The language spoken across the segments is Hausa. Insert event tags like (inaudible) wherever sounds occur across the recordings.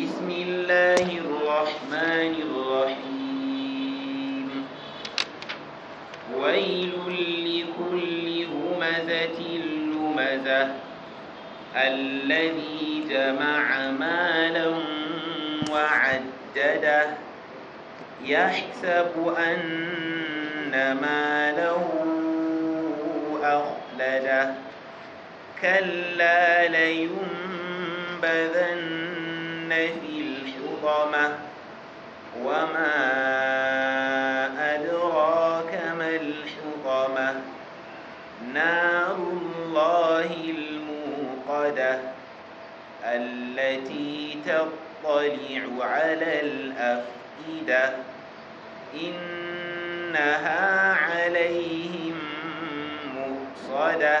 بسم الله الرحمن الرحيم ويل لكل همزة لمزة الذي جمع مالا وعدده يحسب أن ماله أخلده كلا لينبذن في الحطمة وما أدراك ما الحطمة نار الله الموقدة التي تطلع على الأفئدة إنها عليهم مؤصده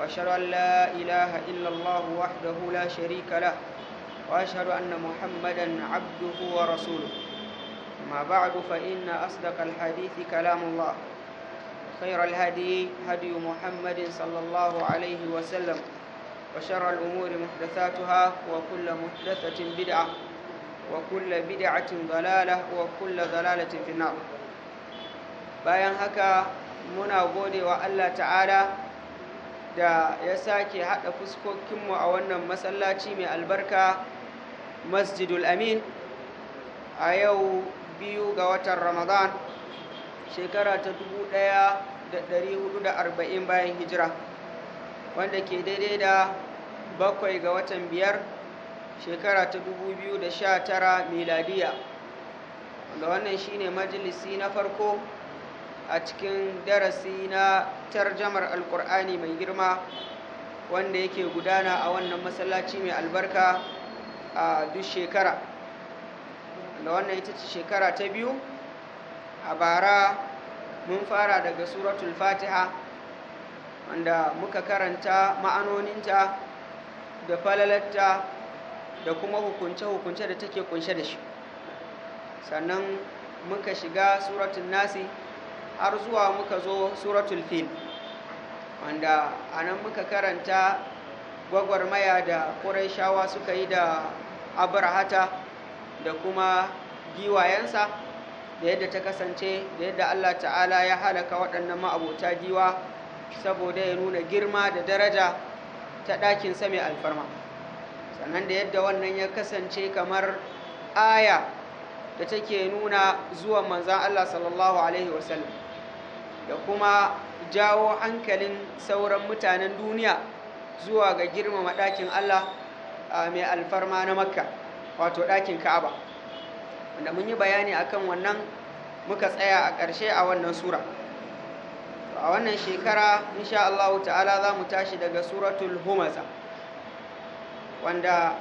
وأشهد أن لا إله إلا الله وحده لا شريك له وأشهد أن محمدا عبده ورسوله أما بعد فإن أصدق الحديث كلام الله خير الهدي هدي محمد صلى الله عليه وسلم وشر الأمور محدثاتها وكل محدثة بدعة وكل بدعة ضلالة وكل ضلالة في النار bayan haka muna gode wa Allah ta'ala da ya sake haɗa fuskokinmu a wannan masallaci mai albarka masjidul amin a yau biyu ga watan ramadan shekara ta dubu ɗaya ɗari hudu da arba'in bayan hijira wanda ke daidai da bakwai ga watan biyar shekara ta dubu da sha tara miladiya wanda wannan shine majalisi na farko a cikin darasi na tarjamar alkur'ani mai girma wanda yake gudana a wannan masallaci mai albarka a duk shekara da wannan ita ce shekara ta biyu a bara mun fara daga suratul fatiha wanda muka karanta ma'anoninta da falalarta da kuma hukunce-hukunce da take kunshe da shi sannan muka shiga suratun nasi har zuwa muka zo suratul fil wanda a nan muka karanta gwagwarmaya da shawa suka yi da abrahata da kuma giwayensa da yadda ta kasance da yadda allah ta'ala ya halaka waɗannan ma'abota giwa saboda ya nuna girma da daraja ta ɗakin mai alfarma sannan da yadda wannan ya kasance kamar aya da take nuna zuwan manzan allah sallallahu alaihi wasallam da kuma jawo hankalin sauran mutanen duniya zuwa ga girmama ɗakin Allah mai alfarma na makka wato ɗakin ka'aba wanda mun yi bayani akan wannan muka tsaya a ƙarshe a wannan sura a wannan shekara insha Allah ta'ala za mu tashi daga suratul humaza wanda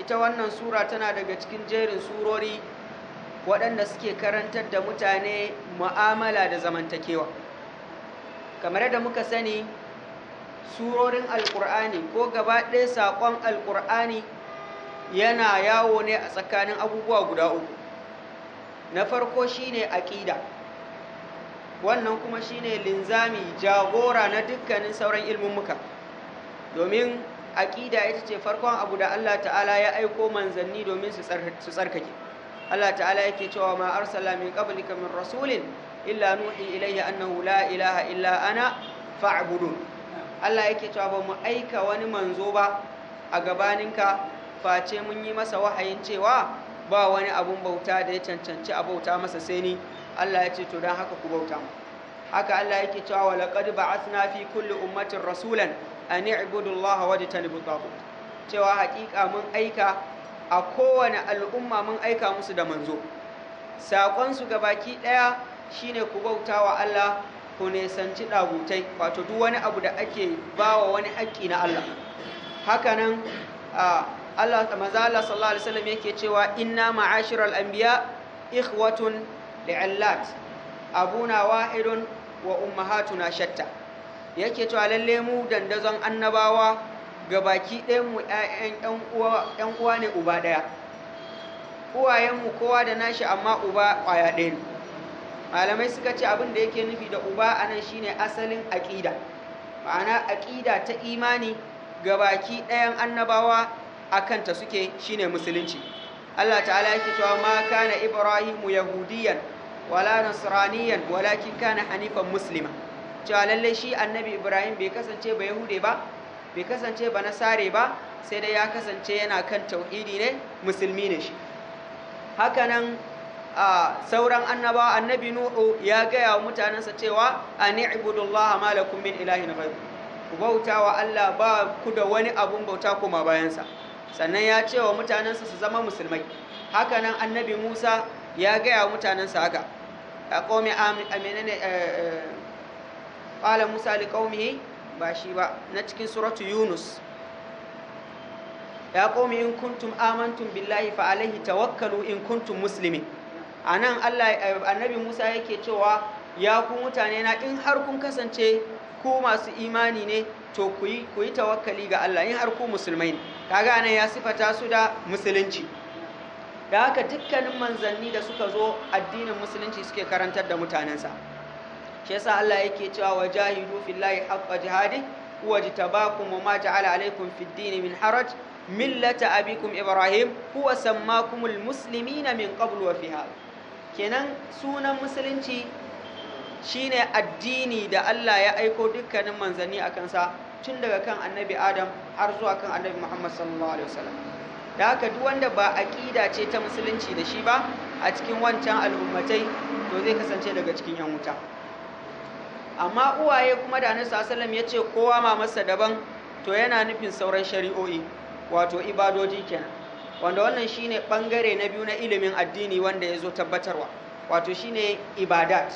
ita wannan sura tana daga cikin jerin surori waɗanda suke karantar da mutane mu'amala da zamantakewa kamar da muka sani surorin alkur'ani ko gaba ɗaya saƙon alƙur'ani yana yawo ne a tsakanin abubuwa guda uku na farko shine aƙida wannan kuma shine linzami jagora na dukkanin sauran ilmin muka, domin aƙida ita ce farkon abu da Allah ta'ala ya aiko manzanni domin su tsarkake Allah ta'ala yake cewa ma arsala min qablika min rasulin illa nuhi ilayhi annahu la ilaha illa ana fa'budun Allah yake cewa ba mu aika wani manzo ba a gabaninka face mun yi masa wahayin cewa ba wani abun bauta da ya cancanci a bauta masa sai ni Allah ya ce to dan haka ku bauta haka Allah yake cewa wa laqad ba'athna fi kulli ummatin rasulan an i'budu Allah wa tajtanibu cewa haƙiƙa mun aika a kowane al'umma mun aika musu da manzo saƙonsu ga baki ɗaya shine ku bauta wa Allah ku nesanci ɗagutai wato duk wani abu da ake ba wa wani haƙƙi na Allah hakanan Allah mazala sallallahu alaihi wasallam yake cewa inna ma’ashir al’ambiya, ikhwatun abu na wahidun wa ummahatuna shatta yake cewa lalle mu dandazon annabawa gabaki ɗayanmu ‘yan uwa ne uba ɗaya uwayenmu kowa da nashi amma uba ƙwaya ɗaya ne malamai suka ce abin da yake nufi da uba a nan shine asalin aƙida ma'ana aƙida ta imani gabaki ɗayan annabawa a kanta suke shine musulunci Allah ta'ala yake cewa ma kana ibrahimu yahudiyan wala nasraniyan walakin kana hanifan muslima cewa lallai shi annabi ibrahim bai kasance ba yahude ba bai kasance ba na sare ba sai dai ya kasance yana kan tauhidi ne musulmi ne shi hakanan a sauran annaba annabi nuhu ya gaya wa mutanensa cewa an ibudullaha ma min ilahin ghayr ku bauta wa Allah ba ku da wani abun bauta kuma bayansa sannan ya ce wa mutanensa su zama musulmai hakanan annabi Musa ya gaya wa mutanensa haka a amina ne qala Musa liqaumihi ba shi ba na cikin suratu yunus ya komi in kuntum amantum billahi fa alaihi tawakkalu in kuntum muslimin anan Allah annabi Musa yake cewa ya ku mutane na in har kun kasance ku masu imani ne to ku yi tawakkali ga Allah in har ku musulmai ne kaga anan ya sifata su da musulunci da haka dukkanin manzanni da suka zo addinin musulunci suke karantar da mutanensa shi yasa Allah yake cewa wajahidu fillahi haqqa jihadi huwa jitabakum wa ma ja'ala alaykum fid din min haraj millata abikum ibrahim huwa sammakumul muslimina min qablu wa fi kenan sunan musulunci shine addini da Allah ya aiko dukkanin manzani a sa tun daga kan annabi Adam har zuwa kan annabi Muhammad sallallahu alaihi wasallam da haka duk wanda ba aqida ce ta musulunci da shi ba a cikin wancan al'ummatai to zai kasance daga cikin yan wuta amma uwaye kuma da annabi sallallahu ya ce kowa masa daban to yana nufin sauran shari'o'i wato ibadoji kenan wanda wannan shine bangare na biyu na ilimin addini wanda ya zo tabbatarwa wato shine ibadat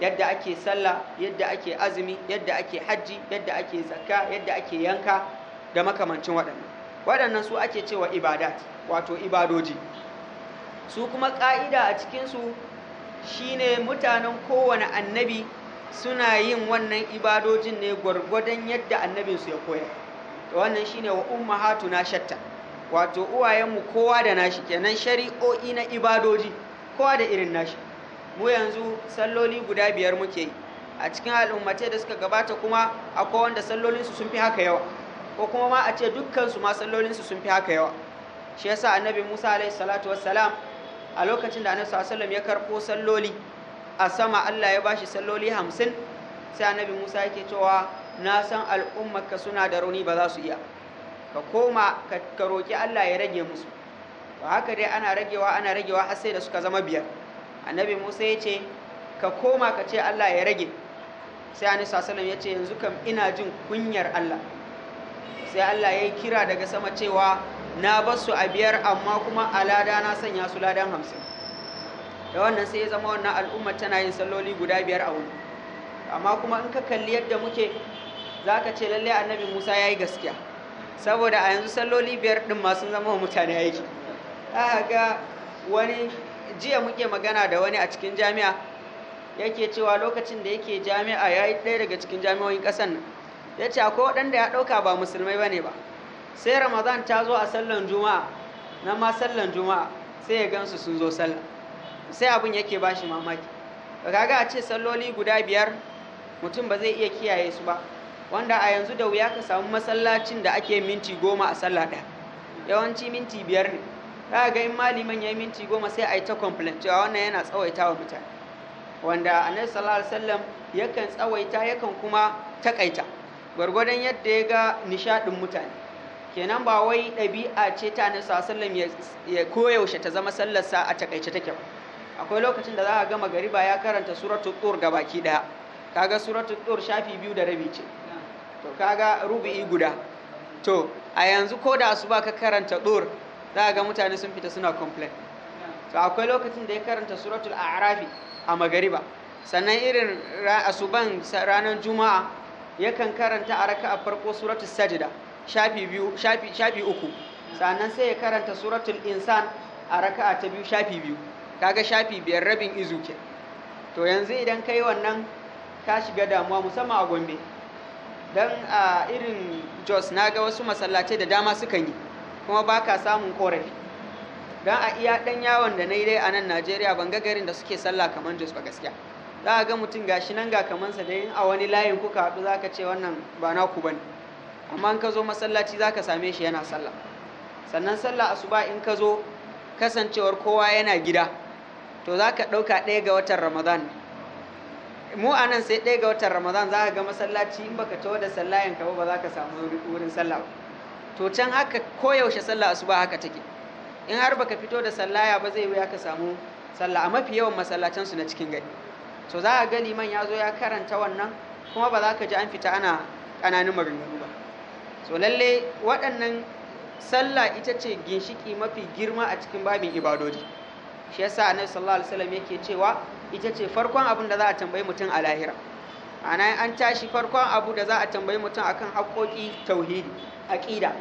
yadda ake sallah yadda ake azumi yadda ake hajji yadda ake zakka yadda ake yanka da makamancin waɗannan waɗannan su ake cewa ibadat wato ibadoji su kuma ka'ida a cikinsu shine mutanen kowane annabi suna yin wannan ibadojin ne gwargwadon yadda annabinsu ya koyar to wannan shine wa ummahatuna shatta wato uwayenmu kowa da nashi kenan shari'o'i na ibadoji kowa da irin nashi mu yanzu salloli guda biyar muke yi a cikin al'ummatai da suka gabata kuma akwai wanda sallolinsu sun fi haka yawa ko kuma ma a ce dukkansu ma sallolinsu sun fi haka yawa shi yasa annabi Musa alaihi salatu wassalam a lokacin da annabi sallallahu alaihi wasallam ya karɓo salloli a sama Allah ya bashi salloli hamsin sai annabi Musa yake cewa na san al'ummarka suna da rauni ba za su iya ka koma ka roƙi Allah ya rage musu ba haka dai ana ragewa ana ragewa har sai da suka zama biyar annabi Musa ya ce ka koma ka ce Allah ya rage sai annabi sallallahu ya ce yanzu kam ina jin kunyar Allah sai Allah ya kira daga sama cewa na basu a biyar amma kuma alada na sanya su ladan hamsin da wannan sai ya zama wannan al'ummar tana yin salloli guda biyar a wuni amma kuma in ka kalli yadda muke za ka ce lallai annabi musa ya yi gaskiya saboda a yanzu salloli biyar ɗin masu zama wa mutane aiki ga wani jiya muke magana da wani a cikin jami'a yake cewa lokacin da yake jami'a ya yi ɗaya daga cikin jami'o'in ƙasar nan ya ce akwai waɗanda ya ɗauka ba musulmai ba ne ba sai ramadan ta zo a sallan juma'a na ma sallan juma'a sai ya gansu sun zo sallah sai abin yake ba shi mamaki kaga a ce salloli guda biyar mutum ba zai iya kiyaye su ba wanda a yanzu da wuya ka samu masallacin da ake minti goma a sallah ɗaya yawanci minti biyar ne kaga in maliman ya yi minti goma sai a yi ta complain cewa wannan yana tsawaita wa mutane wanda annabi sallallahu alaihi wasallam yakan tsawaita yakan kuma takaita gwargwadon yadda ya ga nishaɗin mutane kenan ba wai ɗabi'a ce ta annabi sallallahu alaihi wasallam ya koyaushe ta zama sallarsa a takaice ta kyau. akwai lokacin da za a gama gariba ya karanta suratul tur ga baki daya kaga suratul tur shafi biyu da rabi ce to kaga rubu'i guda to a yanzu ko da asuba ka karanta tur za ga mutane sun fita suna complain to akwai lokacin da ya karanta a a'rafi a magariba sannan irin asuban ranar juma'a yakan karanta a raka'a farko suratul sajda shafi biyu shafi uku sannan sai ya karanta suratul insan a raka'a ta biyu shafi biyu kaga shafi biyar rabin izu ke to yanzu idan ka yi wannan ka shiga damuwa musamman a gombe don a irin jos na ga wasu masallacai da dama sukan yi kuma ba ka samun korafi don a iya ɗan yawon da na yi dai a nan najeriya ban ga garin da suke sallah kamar jos ba gaskiya za a ga mutum gashi nan ga kamansa da yin a wani layin kuka haɗu za ka ce wannan ba ku ba ne amma in ka zo masallaci za ka same shi yana sallah sannan sallah asuba in ka zo kasancewar kowa yana gida to za ka ɗauka ɗaya ga watan ramadan mu a nan sai ɗaya ga watan ramadan za ka ga masallaci in baka tawo da sallayan ka ba za ka samu wurin sallah to can haka koyaushe sallah ba haka take in har baka fito da sallaya ba zai wuya ka samu sallah a mafi yawan masallacin su na cikin gari to za ka ga liman ya zo ya karanta wannan kuma ba za ka ji an fita ana ƙananun marinu ba so lalle waɗannan sallah ita ce ginshiki mafi girma a cikin babin ibadoji shi yasa annabi sallallahu alaihi wasallam yake cewa ita ce farkon abin da za a tambayi mutum a lahira ana an tashi farkon abu da za a tambayi mutum akan haƙoƙi tauhidi aqida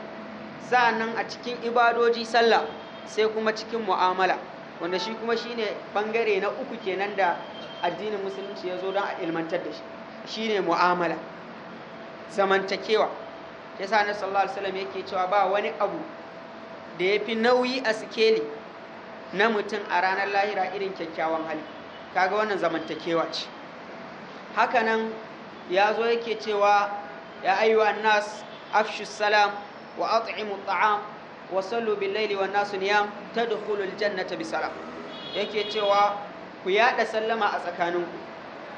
sa'annan a cikin ibadoji sallah sai kuma cikin mu'amala wanda shi kuma shine bangare na uku kenan da addinin musulunci ya zo don a ilmantar da shi shine mu'amala zamantakewa yasa na sallallahu alaihi wasallam yake cewa ba wani abu da yafi nauyi a sikeli na mutum a ranar lahira irin kyakkyawan hali kaga wannan zamantakewa ce hakanan ya zo yake cewa ya ayyuha nas afshu salam wa at'imu ta'am wa sallu bil laili wan nasu niyam tadkhulu jannata bi salam yake cewa ku yada sallama a tsakaninku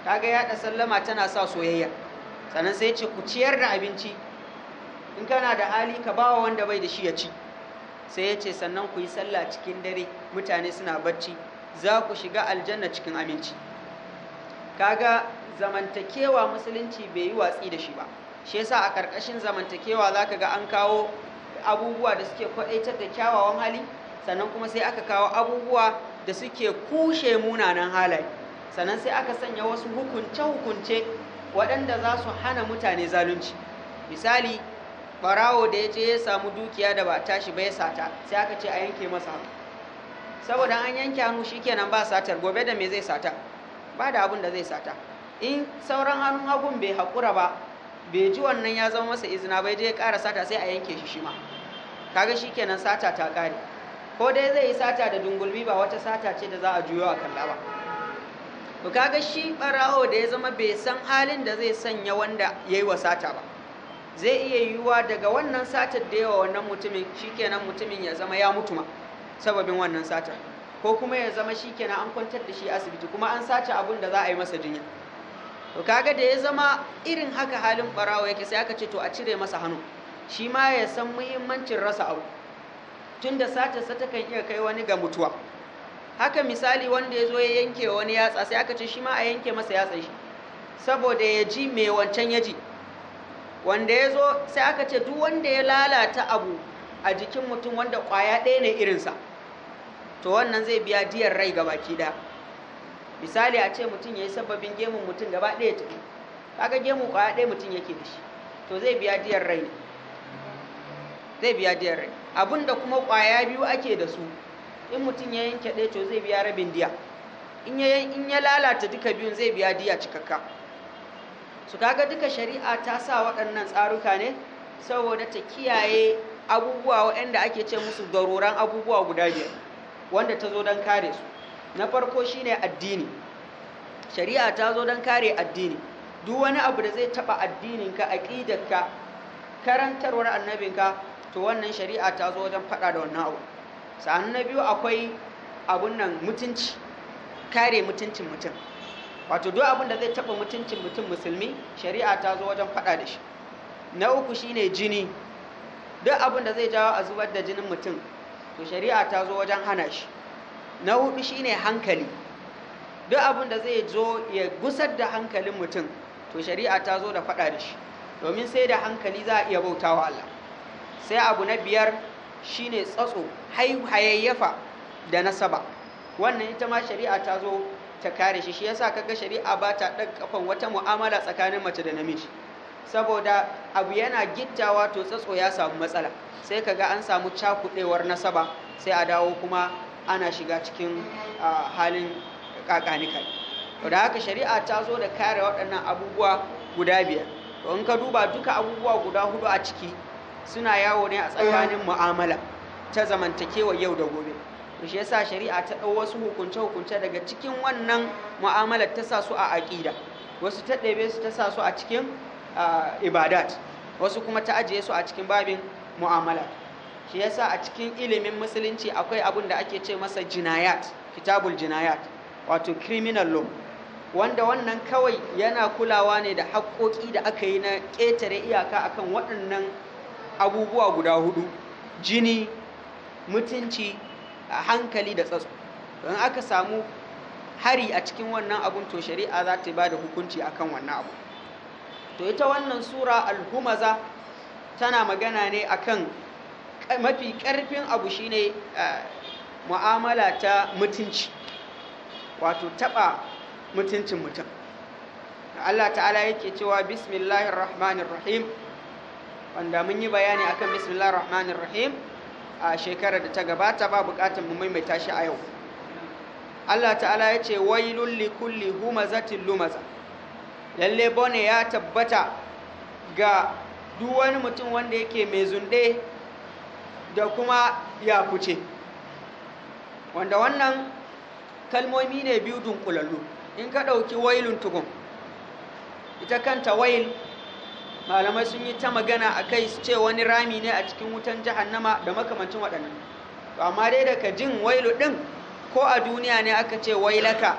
kaga yada sallama tana sa soyayya sannan sai ce ku ciyar da abinci in kana da hali ka bawa wanda bai da shi ya ci sai ya ce sannan ku yi sallah cikin dare mutane suna bacci za ku shiga aljanna cikin aminci kaga zamantakewa musulunci bai yi watsi da shi ba shi yasa a karkashin zamantakewa za ka ga an kawo abubuwa da suke kwaɗaitar da kyawawan hali sannan kuma sai aka kawo abubuwa da suke kushe munanan halaye sannan sai aka sanya wasu hukunce-hukunce waɗanda za su hana mutane zalunci misali barawo da ya je ya samu dukiya da ba tashi bai sata sai aka ce a yanke masa saboda an yanke hannu shikenan ba satar gobe da me zai sata ba da abin da zai sata in sauran hannun hagun bai haƙura ba bai ji wannan ya zama masa izina bai je ya ƙara sata sai a yanke shi shima kaga shikenan sata ta ƙare ko dai zai yi sata da dungulmi ba wata sata ce da za a juyo a kalla ba to kaga shi barawo da ya zama bai san halin da zai sanya wanda ya yi wa sata ba zai iya yiwuwa daga wannan satar da yawa wannan mutumin shikenan mutumin ya zama ya mutu ma sababin wannan satar ko kuma ya zama shikenan an kwantar da shi asibiti kuma an sace abin da za a yi masa jinya to kaga da ya zama irin haka halin barawo yake sai aka ce to a cire masa hannu shi ma ya san muhimmancin rasa abu tunda satarsa takan iya kai wani ga mutuwa haka misali wanda ya zo ya yanke wani yatsa sai aka ce shi ma a yanke masa yatsa shi saboda ya ji mai wancan ya ji wanda ya zo sai aka ce duk wanda ya lalata abu a jikin mutum wanda ƙwaya ɗaya ne irinsa to wannan zai biya diyar rai gaba kida misali a ce mutum ya yi sababin gemun mutum gaba ɗaya tafi kaga gemun ƙwaya ɗaya mutum yake da shi to zai biya diyar rai zai biya diyar rai abinda kuma ƙwaya biyu ake da su in mutum ya yanke ɗaya to zai biya rabin diya in ya lalata duka biyun zai biya diya cikakka su kaga duka shari'a ta sa waɗannan tsaruka ne saboda ta kiyaye abubuwa waɗanda ake ce musu garuran abubuwa guda biyar wanda ta zo don kare su na farko shine addini shari'a ta zo don kare addini duk wani abu da zai taɓa addininka ƙidarka karantarwar annabinka to wannan shari'a ta zo don faɗa da wannan abu sa'an na biyu akwai abun nan mutunci kare mutuncin mutum wato duk abin da zai taba mutuncin mutum musulmi shari'a ta zo wajen faɗa da shi na uku shine jini duk abin da zai jawo a zubar da jinin mutum to shari'a ta zo wajen hana shi na hudu shine hankali duk abin da zai zo ya gusar da hankalin mutum to shari'a ta zo da faɗa da shi domin sai da hankali za a iya bautawa Allah sai abu na biyar shine tsatso hayayyafa da nasaba wannan ita ma shari'a ta zo ta kare shi shi yasa kaga shari'a ba ta ɗan kafan wata mu'amala tsakanin mace da namiji saboda abu yana gittawa to tsatso ya samu matsala sai kaga an samu cakuɗewar nasaba sai a dawo kuma ana shiga cikin halin kakanikai da haka shari'a ta zo da kare waɗannan abubuwa guda biyar to in ka duba duka abubuwa guda hudu a ciki suna yawo ne a tsakanin mu'amala ta zamantakewa yau da gobe to shi yasa shari'a ta dau wasu hukunce-hukunce daga cikin wannan mu'amalar ta sa su a aƙida wasu ta ɗebe su ta sa su a cikin ibadat wasu kuma ta ajiye su a cikin babin mu'amala shi yasa a cikin ilimin musulunci akwai abin da ake ce masa jinayat kitabul jinayat wato criminal law wanda wannan kawai yana kulawa ne da haƙƙoƙi da aka yi na ƙetare iyaka akan waɗannan abubuwa guda hudu jini mutunci A hankali da tsatsu don aka samu hari a cikin wannan abun to shari'a za ta ba da hukunci akan wannan abu to ita wannan sura alhumaza tana magana ne akan mafi karfin abu shine mu'amala ta mutunci wato taba mutuncin mutum Allah ta'ala yake cewa bismillahir rahmanir rahim wanda mun yi bayani akan bismillahir rahmanir rahim a shekarar da ta gabata ba bukatun mu maimaita shi a yau Allah ta'ala ya ce wailul kulli humazatin lumaza lalle bone ya tabbata ga duk wani mutum wanda yake mai zunde da kuma ya kuce wanda wannan kalmomi ne biyu dunkulallu in ka ɗauki wailun tukun ita kanta wail malamai sun yi ta magana a kai su ce wani rami ne a cikin wutan jahannama da makamancin waɗannan to amma dai daga jin wailu ɗin ko a duniya ne aka ce wailaka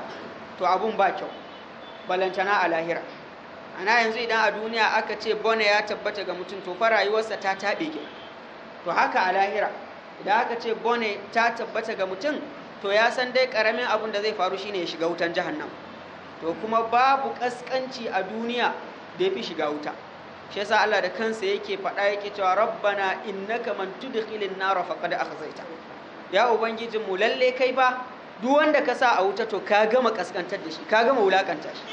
to abun ba kyau balantana a lahira ana yanzu idan a duniya aka ce bone ya tabbata ga mutum to fa rayuwarsa ta taɓe gina to haka a lahira idan aka ce bone ta tabbata ga mutum to ya san dai ƙaramin abun da zai faru shine ya shiga wutan jahannama to kuma babu ƙasƙanci a duniya da ya fi shiga wuta shi yasa Allah da kansa yake faɗa yake cewa rabbana innaka man tudkhilin nar qad akhzaita ya ubangijin mu lalle kai ba duk wanda ka sa a wuta to ka gama kaskantar da shi ka gama wulakanta shi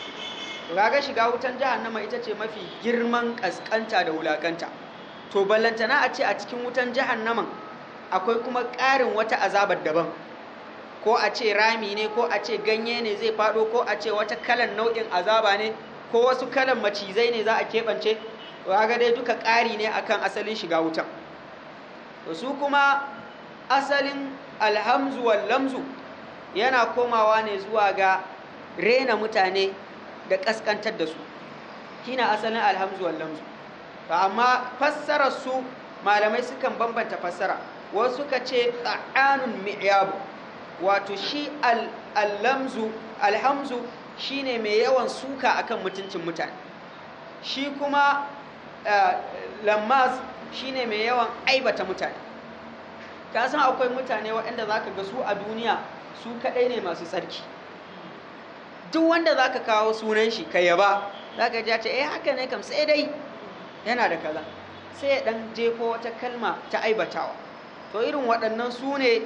to kaga shiga wutan jahannama ita ce mafi girman kaskanta da wulakanta to ballantana a ce a cikin wutan jahannaman akwai kuma ƙarin wata azabar daban ko a ce rami ne ko a ce ganye ne zai faɗo ko a ce wata kalan nau'in azaba ne ko wasu kalan macizai ne za a keɓance to dai duka ƙari ne akan asalin shiga wutan to su kuma asalin alhamzu wal lamzu yana komawa ne zuwa ga rena mutane da ƙasƙantar da su kina asalin alhamzu wal lamzu to amma fassarar su malamai sukan bambanta fassara wasu suka ce ta'anun mi'yabu wato shi al-lamzu alhamzu shine mai yawan suka akan mutuncin mutane shi kuma lammas shine mai yawan aibata mutane ka san akwai mutane waɗanda za ka ga su a duniya su kaɗai ne masu tsarki duk wanda za ka kawo sunan shi ka yaba za ka ja ce eh haka ne kam sai dai yana da kaza sai ya ɗan jefo wata kalma ta aibatawa to irin waɗannan su ne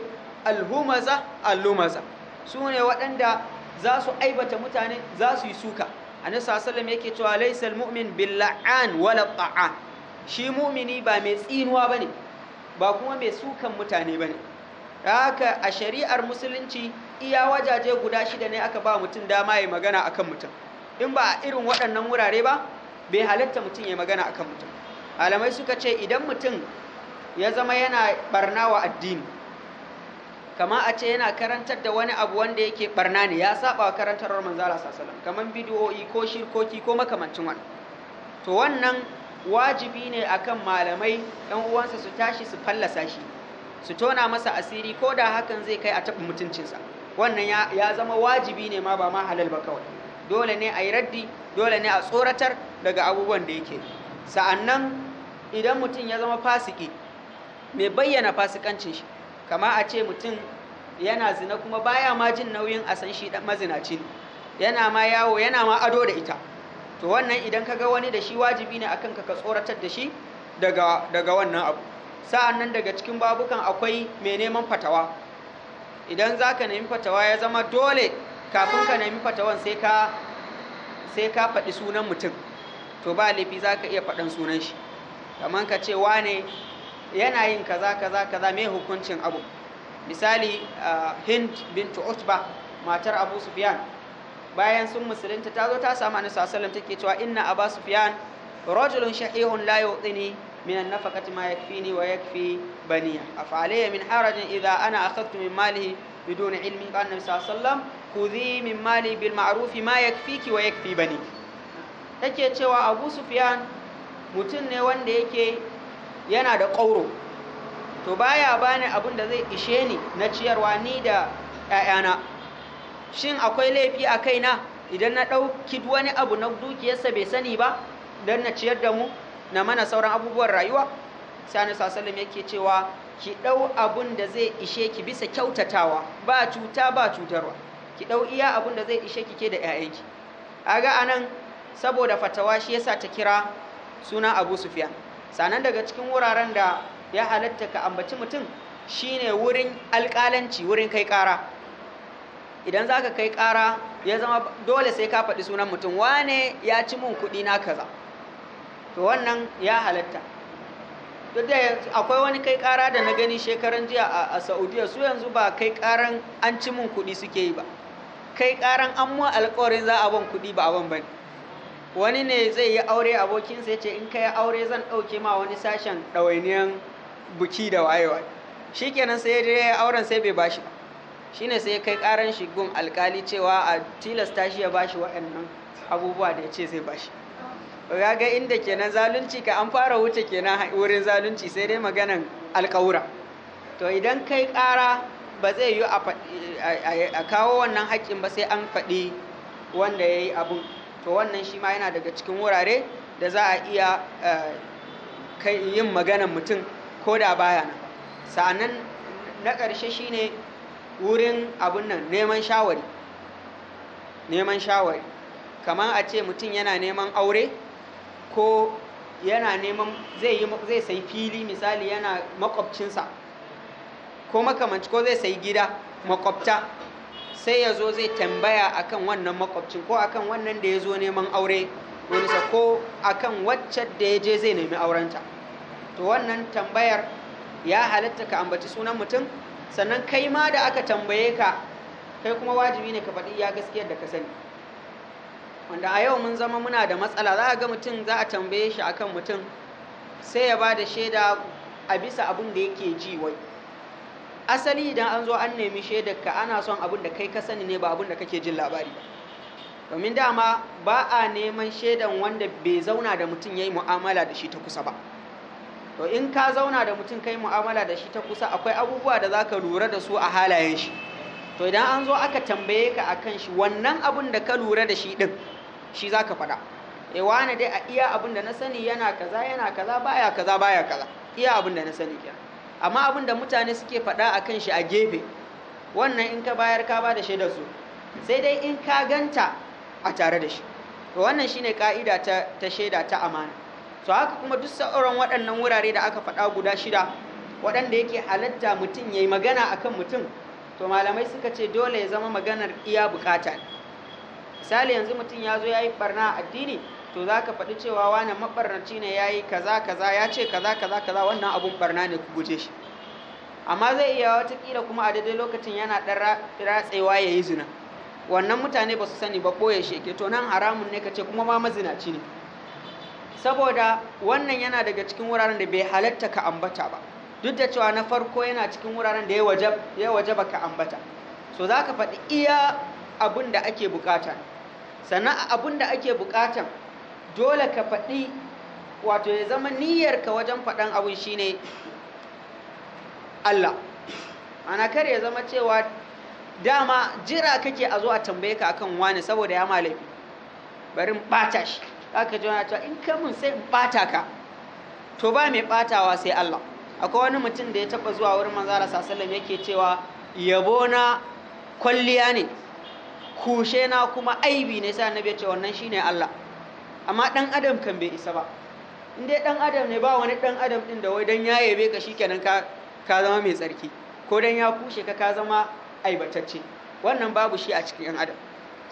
alhumaza alhumaza su ne waɗanda za su aibata mutane za su yi suka annabi sallallahu yake cewa laysal mu'min bil la'an wala ta'a shi mu'mini ba mai tsinuwa bane ba kuma mai sukan mutane bane haka a shari'ar musulunci iya wajaje guda shida ne aka ba mutum dama ya magana akan mutum in ba a irin waɗannan wurare ba bai halatta mutum ya magana akan mutum alamai suka ce idan mutum ya zama yana ɓarna wa addini kama a ce yana karantar da wani abu wanda yake barna ne ya saba wa karantarwar manzala sallallahu kaman bidiyo'i ko shirkoki ko makamancin wani. to wannan wajibi ne akan malamai 'yan uwansa su tashi su fallasa shi su tona masa asiri ko da hakan zai kai a taɓa mutuncinsa wannan ya zama wajibi ne ma ba ma halal ba kawai dole ne a yi raddi dole ne a tsoratar daga abubuwan da yake sa'annan idan mutum ya zama fasiki mai bayyana fasikancin shi kama a ce mutum yana zina kuma baya ma jin nauyin a san shi mazinaci ne yana ma yawo yana ma ado da ita to wannan idan ka ga wani da shi wajibi ne akan ka ka tsoratar da shi daga daga wannan abu sa'an nan daga cikin babukan akwai mai neman fatawa idan za ka nemi fatawa ya zama dole kafin ka nemi fatawan sai ka faɗi sunan mutum to ba laifi za ka iya faɗan sunan shi kaman ka ce wane yana yin kaza kaza kaza mai hukuncin abu misali hind bintu utba matar abu sufyan bayan sun musulunta ta zo ta samu annabi sallallahu alaihi take cewa inna abu sufyan rajulun shahihun la yu'tini min an-nafaqati ma yakfini wa yakfi baniya afalayya min harajin idha ana akhadtu min malihi bidun ilmi qala annabi sallallahu alaihi wasallam khudhi min mali bil ma'ruf ma yakfiki wa yakfi bani take cewa abu sufyan mutum ne wanda yake yana da ƙauro to baya bani abin da zai ishe ni na ciyarwa ni da ‘ya'yana shin akwai laifi a kaina idan na ɗauki wani abu na dukiyarsa bai sani ba don na ciyar da mu na mana sauran abubuwan rayuwa sani sasalim yake cewa ki ɗau abin da zai ishe ki bisa kyautatawa ba cuta ba cutarwa ki ɗau iya abin da zai ishe ki ke da ‘ya'yanki a ga anan saboda fatawa shi yasa ta kira suna abu Sufiya. sanan daga cikin wuraren da ya halatta ka ambaci mutum shine wurin alƙalanci wurin kai ƙara idan za ka kai ƙara ya zama dole sai ka faɗi sunan mutum wane ya ci mun kuɗi na kaza to wannan ya halatta duk da akwai wani kai ƙara da na gani shekaran jiya a saudiya su yanzu ba kai ƙaran an ci mun kuɗi suke yi ba kai ƙaran an mu alƙawarin za a ban kuɗi ba a ban bane wani ne zai yi aure abokinsa ya ce in ka yi aure zan ɗauke ma wani sashen ɗawainiyar buki da wayewa shi kenan sai ya yi auren sai bai bashi ba shi ne sai ya kai ƙaran shi gun alkali cewa a tilasta shi ya bashi waɗannan abubuwa da ya ce zai bashi ga ga inda kenan zalunci ka an fara wuce kenan wurin zalunci sai dai maganan alƙawura to idan kai ƙara ba zai yi a kawo wannan haƙƙin ba sai an faɗi wanda ya yi abin to wannan shi ma yana daga cikin wurare da za a iya eh, yin maganan mutum ko da baya nan sa'annan na ƙarshe shine wurin abun nan neman shawari neman shawari kamar a ce mutum yana neman aure ko yana neman zai sai fili misali yana makwabcinsa ko makamanci ko zai sai gida makwabta sai ya zo zai tambaya akan wannan makwabcin ko akan wannan da ya zo neman aure nisa ko akan wacce da ya je zai nemi aurenta to wannan tambayar ya halatta ka ambaci sunan mutum sannan kai ma da aka tambaye ka kai kuma wajibi ne ka faɗi ya gaskiyar da ka sani wanda a yau mun zama muna da matsala za a ga mutum za a tambaye shi akan mutum sai ya ba da shaida a bisa abin da yake ji wai asali idan an zo an nemi shaidarka ana son abin da kai ka sani ne ba abin da kake jin labari ba domin dama ba a neman shaidan wanda bai zauna da mutum ya yi mu'amala da shi ta kusa ba to in ka zauna da mutum ka yi mu'amala da shi ta kusa akwai abubuwa da za ka lura da su a halayen shi to idan an zo aka tambaye ka akan shi wannan abin da ka lura da shi din shi za ka faɗa e dai a iya abin da na sani yana kaza yana kaza baya kaza baya kaza iya abin da na sani kenan amma abin da mutane suke faɗa a kan shi a gefe wannan in ka bayar ka ba da shaidar su sai dai in ka ganta a tare da shi to wannan shine ka'ida ta ta shaida ta amana to haka kuma duk sauran waɗannan wurare da aka faɗa guda shida waɗanda yake halatta mutum yayi magana akan mutum to malamai suka ce dole ya zama maganar iya bukata misali yanzu mutum ya zo ya yi barna addini to za ka faɗi cewa wani maɓarnaci ne ya yi kaza kaza ya ce kaza kaza kaza wannan abun barna ne ku guje shi amma zai iya wata watakila kuma a daidai lokacin yana ɗan ratsewa ya yi zina wannan mutane ba su sani ba ɓoye sheke to nan haramun ne ka ce kuma ma mazinaci ne saboda wannan yana daga cikin wuraren da bai halatta ka ambata ba duk da cewa na farko yana cikin wuraren da ya wajaba ka ambata so za ka faɗi iya abin da ake bukata sannan abin da ake bukatan dole ka faɗi wato ya zama niyyarka wajen faɗan abin shine Allah ana kar ya zama cewa dama jira kake a zo a tambaye ka akan wani saboda ya malafi bari in ɓata shi aka ji wani in ka mun sai in ɓata ka to ba mai ɓatawa sai Allah akwai wani mutum da ya taɓa zuwa wurin manzara sasalam yake cewa yabo na kwalliya ne kushe na kuma aibi ne sai annabi ya ce wannan shine Allah amma ɗan adam kan bai isa ba in dai ɗan adam ne ba wani ɗan adam ɗin da wai don ya yabe ka shikenan ka ka zama mai tsarki ko don ya kushe ka ka zama aibatacce wannan babu shi a cikin ɗan adam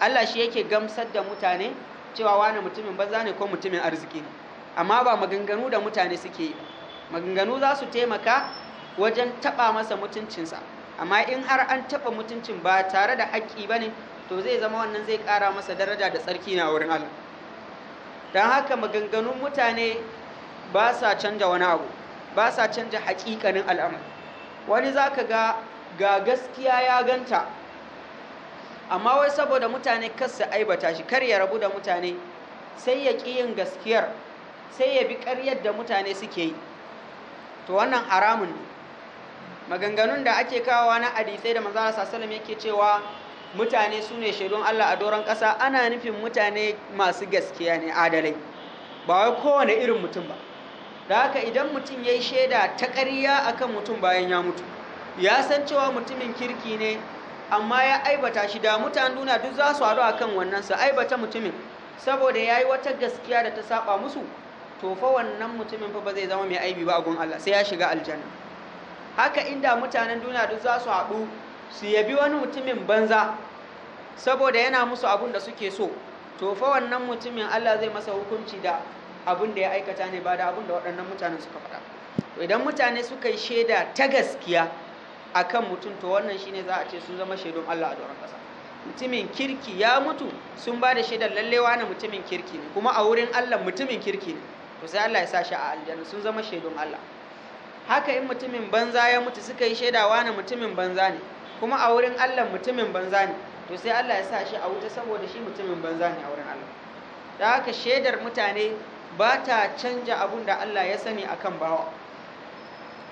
Allah shi yake gamsar da mutane cewa wani mutumin banza ne ko mutumin arziki ne amma ba maganganu da mutane suke yi maganganu za su taimaka wajen taɓa masa mutuncinsa amma in har an taɓa mutuncin ba tare da haƙƙi ba ne to zai zama wannan zai ƙara masa daraja da tsarki na wurin Allah don haka maganganun mutane ba sa canja wani abu ba sa canja haƙiƙanin al'amari wani za ka ga ga gaskiya ya ganta amma wai saboda mutane kasa aibata shi kar ya rabu da mutane sai ya ƙi yin gaskiyar sai ya bi ƙaryar yadda mutane suke yi to wannan haramun ne maganganun da ake kawowa na adisai da manzara sallallahu yake cewa mutane su ne shaidun Allah a doron ƙasa ana nufin mutane masu gaskiya ne adalai ba wai kowane irin mutum ba da haka idan mutum ya yi shaida ta ƙarya akan mutum bayan ya mutu ya san cewa mutumin kirki ne amma ya aibata shi da mutane duna duk za su haɗu kan wannan su aibata mutumin saboda ya yi wata gaskiya da ta saba musu to fa wannan mutumin fa ba zai zama mai aibi ba a gun Allah sai ya shiga aljanna haka inda mutanen duna duk za su haɗu su yabi wani mutumin banza saboda yana musu abun da suke so to fa wannan mutumin Allah zai masa hukunci da abun da ya aikata ne ba da abun da waɗannan mutanen suka faɗa to idan mutane suka yi shaida ta gaskiya akan mutum to wannan shine za a ce sun zama shaidun Allah a doron ƙasa mutumin kirki ya mutu sun ba da shaidar lallewa na mutumin kirki ne kuma a wurin Allah mutumin kirki ne to sai Allah ya sa shi a aljanna sun zama shaidun Allah haka in mutumin banza ya mutu suka yi shaidawa na mutumin banza ne kuma a wurin Allah mutumin banza ne to sai Allah ya sa shi a wuta saboda shi mutumin banza ne a wurin Allah da haka shaidar mutane ba ta canja abun da Allah ya sani a kan bawa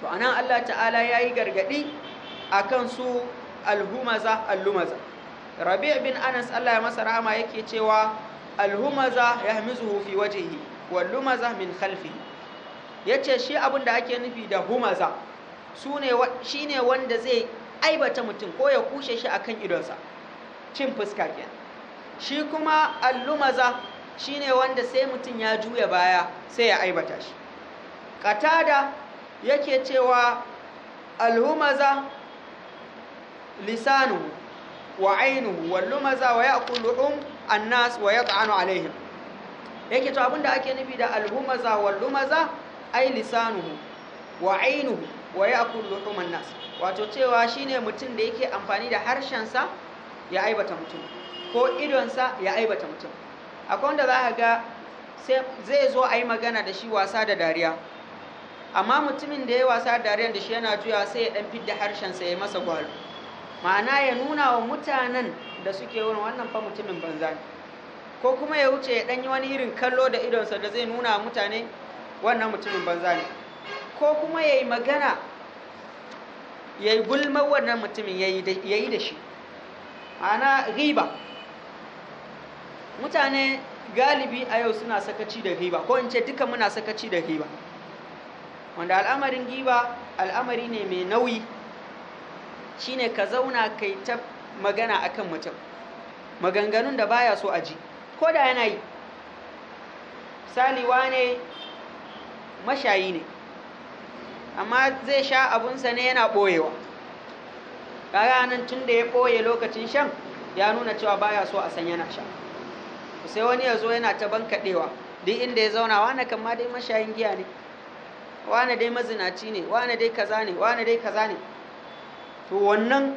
to a nan Allah ta'ala ya yi gargaɗi kan su alhumaza alhumaza rabi' bin anas Allah ya masa rama yake cewa alhumaza yahmizuhu fi wajhihi wallumaza min Ya ce shi abun da ake nufi da humaza ne wanda zai aibata mutum ko ya kushe shi akan idonsa cin fuska ke. shi kuma allumaza shine wanda sai mutum ya juya baya sai ya aibata shi katada yake cewa allumaza lisanu wa ainihu wallumaza wa yaquluhum annas wa yat'anu alaihim yake to abinda ake nufi da allumaza wallumaza ai lisanu wa ainihu wa ya'kul luhuman nas wato cewa shi ne mutum da yake amfani da harshensa ya aibata mutum ko idonsa ya aibata mutum akwai wanda za a ga zai zo a yi magana da shi wasa da dariya amma mutumin da ya wasa da dariya da shi yana juya sai ya dan fidda harshensa ya masa gwalo ma'ana ya nuna wa mutanen da suke wurin wannan fa mutumin banza ne ko kuma ya wuce ya dan yi wani irin kallo da idonsa da zai nuna mutane wannan mutumin banza ne ko kuma ya yi magana ya yi gulmar wannan mutumin ya yi da shi ana riba mutane galibi a yau suna sakaci da riba ko in ce duka muna sakaci da riba wanda al'amarin riba al'amari ne mai nauyi shine ka zauna kai ta magana akan mutum maganganun da baya so a ji ko da yana yi misali wane mashayi ne amma zai sha abunsa ne yana ɓoyewa kaga nan tun da ya ɓoye lokacin shan ya nuna cewa baya so a san yana sha sai wani ya zo yana ta bankaɗewa duk inda ya zauna wane kan ma dai mashayin giya ne wane dai mazinaci ne wane dai kaza ne wane dai kaza ne to wannan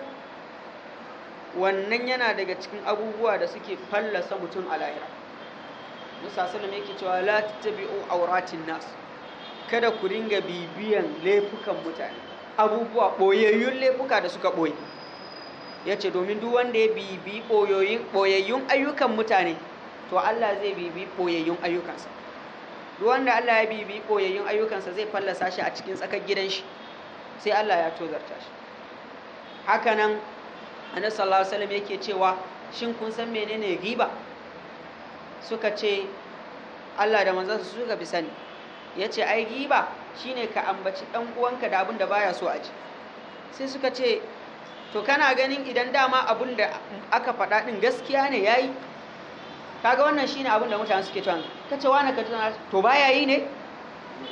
wannan yana daga cikin abubuwa da suke fallasa mutum a lahira musa salam yake cewa la tattabi'u auratin nasu. kada ku ringa bibiyan laifukan mutane abubuwa ɓoyayyun laifuka da suka ɓoye ya ce domin duk wanda ya bibi ɓoyayyun ayyukan mutane to Allah zai bibi ɓoyayyun ayyukansa duk wanda Allah ya bibi ɓoyayyun ayyukansa zai fallasa shi a cikin tsakar gidan shi sai Allah ya tozarta shi haka nan annabi sallallahu alaihi wasallam yake cewa shin kun san menene riba suka ce Allah da manzansa suka fi sani ya ce ai giba shine ka ambaci ɗan uwanka da abin da baya so a ji sai suka ce to kana ganin idan dama abin da aka faɗa ɗin gaskiya ne ya yi kaga wannan shine abin da mutane suke tunani ka ce wani ka tunani to baya yi ne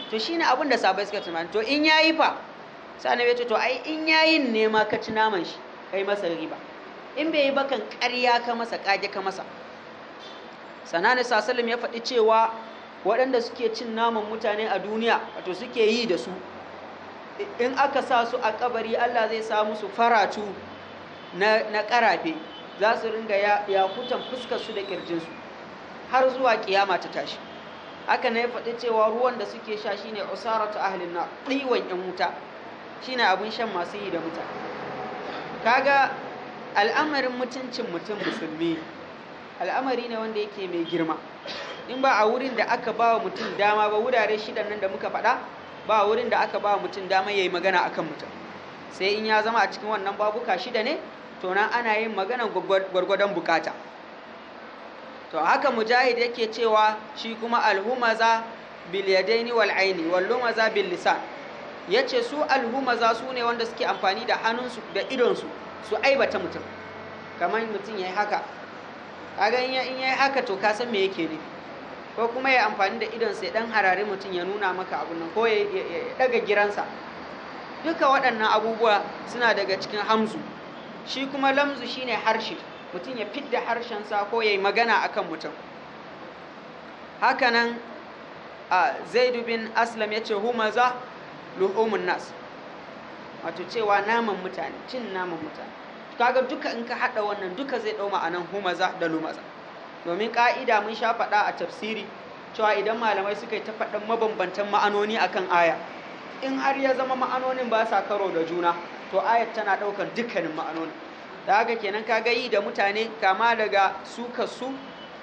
to shine abin da sabai suka tunani to in ya yi fa sai bai ce to ai in ya yi ne ma ka ci naman shi kai masa riba in bai yi ba kan ƙarya ka masa kage ka masa sanani sasalim ya faɗi cewa waɗanda suke cin naman mutane a duniya wato suke yi da su in aka sa su a kabari Allah zai sa musu faratu na, ƙarafe za su ringa yakutan su da ƙirjinsu har zuwa ƙiyama ta tashi haka na ya faɗi cewa ruwan da suke sha shine usaratu ahlin na ɗiwon yan wuta shine abin shan masu yi da wuta kaga al'amarin mutuncin mutum musulmi al'amari ne wanda yake mai girma in ba a wurin da aka ba wa mutum dama ba wurare shidan nan da muka faɗa ba a wurin da aka ba wa mutum dama ya yi magana a kan mutum sai in ya zama a cikin wannan babuka shida ne to ana yin magana gwargwadon bukata to haka mujahid yake cewa shi kuma alhumaza bil yadaini wal aini wal lumaza bil lisan yace su alhumaza su ne wanda suke amfani da hannunsu da idonsu su aibata mutum kamar mutum yayi haka kaga in yayi haka to ka san me yake nufi ko kuma ya amfani da idon sai dan harare mutum ya nuna maka abun nan ko ya daga giransa duka waɗannan abubuwa suna daga cikin hamzu shi kuma lamzu shine harshe mutum ya fidda harshensa ko ya yi magana akan mutum hakanan a zaidu bin aslam ya ce humaza luhumun nas wato cewa naman mutane cin naman mutane kaga duka in ka haɗa wannan duka zai ɗau ma'anan humaza da lumaza domin ƙa'ida mun sha faɗa a tafsiri cewa idan malamai suka yi ta faɗin mabambantan ma'anoni a kan aya in har ya zama ma'anonin ba sa karo da juna to ayat tana ɗaukar dukkanin ma'anoni. da haka kenan ka yi da mutane kama daga suka su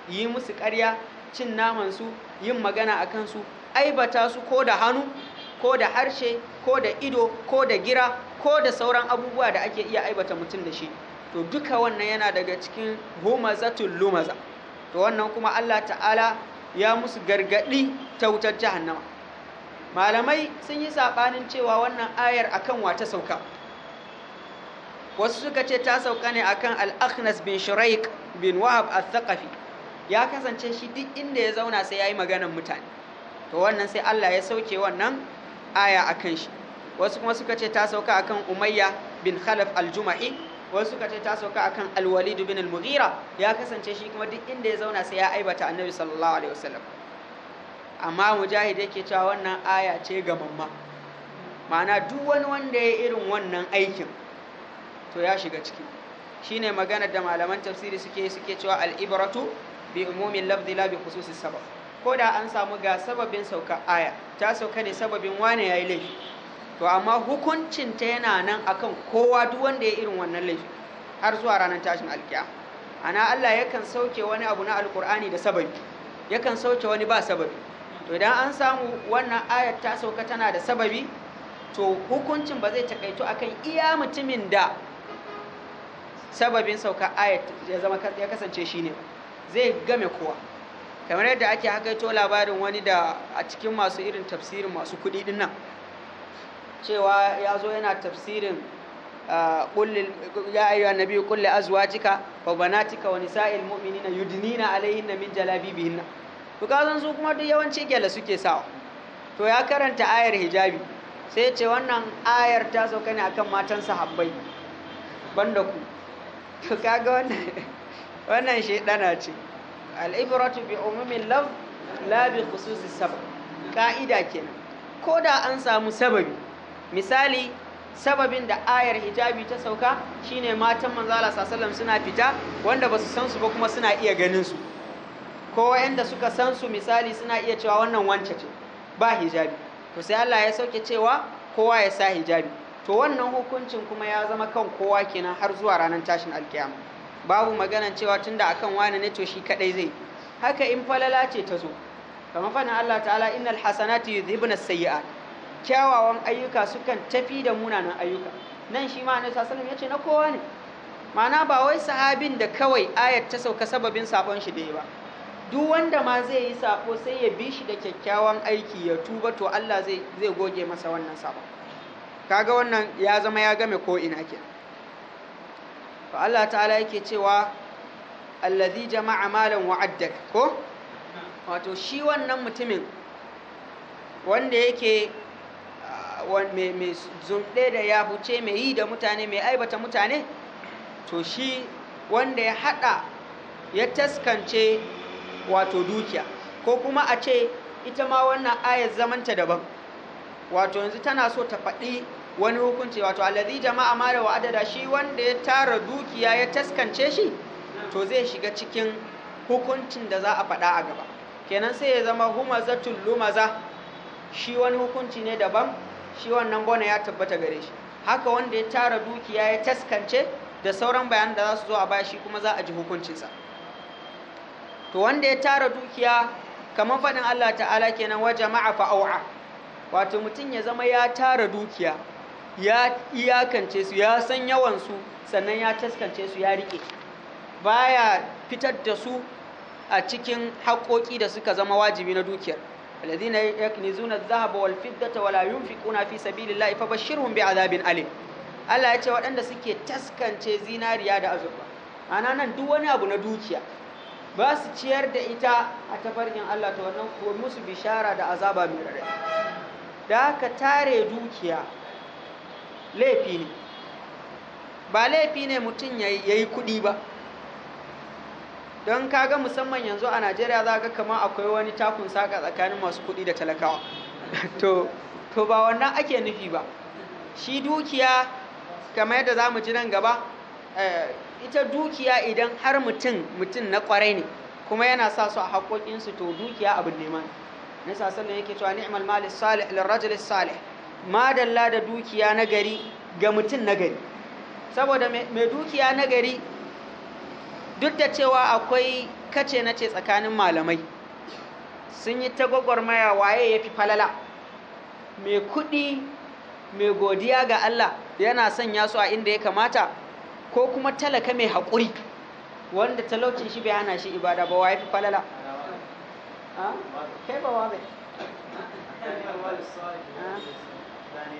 yi musu karya, cin naman su yin magana a kansu aibata su ko da hannu ko da harshe ko da ido ko da gira ko da sauran abubuwa da ake iya aibata mutum da shi to duka wannan yana daga cikin humazatul lumaza to wannan kuma Allah ta'ala ya musu gargadi ta wutar jahannama malamai sun yi sabanin cewa wannan ayar akan wata sauka wasu suka ce ta sauka ne akan al-akhnas bin shuraik bin wahab al-thaqafi ya kasance shi duk inda ya zauna sai yayi maganar mutane to wannan sai Allah ya sauke wannan aya akan shi wasu kuma suka ce ta sauka akan umayya bin khalaf al-jumahi wasu suka ce ta sauka akan alwalidu bin al ya kasance shi kuma duk inda ya zauna sai ya aibata annabi sallallahu alaihi wasallam amma mujahid yake cewa wannan aya ce ga mamma ma'ana duk wani wanda ya irin wannan aikin to ya shiga ciki shine magana da malaman tafsiri suke suke cewa al-ibratu bi umumin lafzi la bi khususis sabab ko da an samu ga sababin sauka aya ta sauka ne sababin wane yayi laifi to amma hukuncin ta yana nan akan kowa duk wanda ya irin wannan laifi har zuwa ranar tashin alkiya ana Allah yakan sauke wani abu na alkur'ani da sababi yakan sauke wani ba sababi to idan an samu wannan ayat ta sauka tana da sababi to hukuncin ba zai takaito akan iya mutumin da sababin sauka ayat ya zama ya kasance shine zai game kowa kamar yadda ake hakaito labarin wani da a cikin masu irin tafsirin masu kuɗi din nan cewa ya zo yana tafsirin ah, ya ayyuhan nabi kulli azwajika wa banatika wa nisa'il mu'minina yudnina alaihinna min jalabibihinna to kazan su kuma duk yawanci gyale suke sawa to ya karanta ayar hijabi sai ce wannan ayar ta sauka ne akan matan sahabbai banda ku to kaga wannan wannan shedana ce al-ibratu bi umumin laf la bi ka'ida kenan ko da an samu sababi misali sababin da ayar hijabi ta sauka shine matan manzo Allah sallallahu suna fita wanda basu san su ba kuma suna iya ganin su ko wanda suka san su misali suna iya cewa wannan wance ce ba hijabi to sai Allah ya sauke cewa kowa ya sa hijabi to wannan hukuncin kuma ya zama kan kowa kenan har zuwa ranar tashin alkiyama babu maganan cewa tunda akan wani ne to shi kadai zai haka in falala ce ta zo kamar fadin Allah ta'ala innal hasanati yudhibna as kyawawan ayyuka sukan tafi da munanan ayyuka nan shi ma annabi sallallahu alaihi ya ce na kowa ne ma'ana ba wai sahabin da kawai ayat ta sauka sababin sabon shi da ba duk wanda ma zai yi sako sai ya bi shi da kyakkyawan aiki ya tuba to Allah zai goge masa wannan sabon kaga wannan ya zama ya game ko ina ke to Allah ta'ala yake cewa allazi jama'a malan wa'addak ko wato shi wannan mutumin wanda yake mai zunɗe da ya huce mai yi da mutane mai aibata mutane to shi wanda ya haɗa ya taskance wato dukiya ko kuma a ce ita ma wannan ayar zamanta daban wato yanzu tana so ta faɗi wani hukunci wato allazi jama'a ma da wa'adada shi wanda ya tara dukiya ya taskance shi to zai shiga cikin hukuncin da za a faɗa a gaba kenan sai ya zama humazatul lumaza shi wani hukunci ne daban shi wannan gona ya tabbata gare shi haka wanda ya tara dukiya ya taskance da sauran bayanan da za su zo a bashi kuma za a ji hukuncinsa to wanda ya tara dukiya kamar faɗin Allah ta'ala kenan wa jama'a Au'a, wato mutum ya zama ya tara dukiya ya iyakance su ya san su sannan ya taskance su ya riƙe baya fitar da su a cikin haƙoƙi da suka zama wajibi na dukiyar الذين يكنزون الذهب والفضة ولا ينفقون في سبيل الله فبشرهم بعذاب أليم Allah ya ce waɗanda suke taskance zinariya da azurfa ana nan duk wani abu na dukiya ba su ciyar da ita a tafarkin Allah ta wannan ko musu bishara da azaba mai rare da haka tare dukiya laifi ne ba laifi ne mutum ya yi kuɗi ba don kaga musamman yanzu a najeriya za ga kama akwai wani takun saka tsakanin masu kudi da talakawa (laughs) to ba wannan ake nufi ba shi dukiya kamar yadda za mu ji nan gaba eh, ita dukiya idan har mutum mutum na kwarai ne kuma yana sa su a haƙoƙinsu to dukiya abin neman na sasalin yake cewa ni'mal malis salih lirajul salih madalla da dukiya na gari ga mutum na gari saboda mai dukiya na gari duk da cewa akwai kace na ce tsakanin malamai sun yi tagogwar maya, waye ya fi falala mai kuɗi mai godiya ga Allah yana sanya su a inda ya kamata ko kuma talaka mai haƙuri wanda talaucin shi bai hana shi ibada ba waye fi falala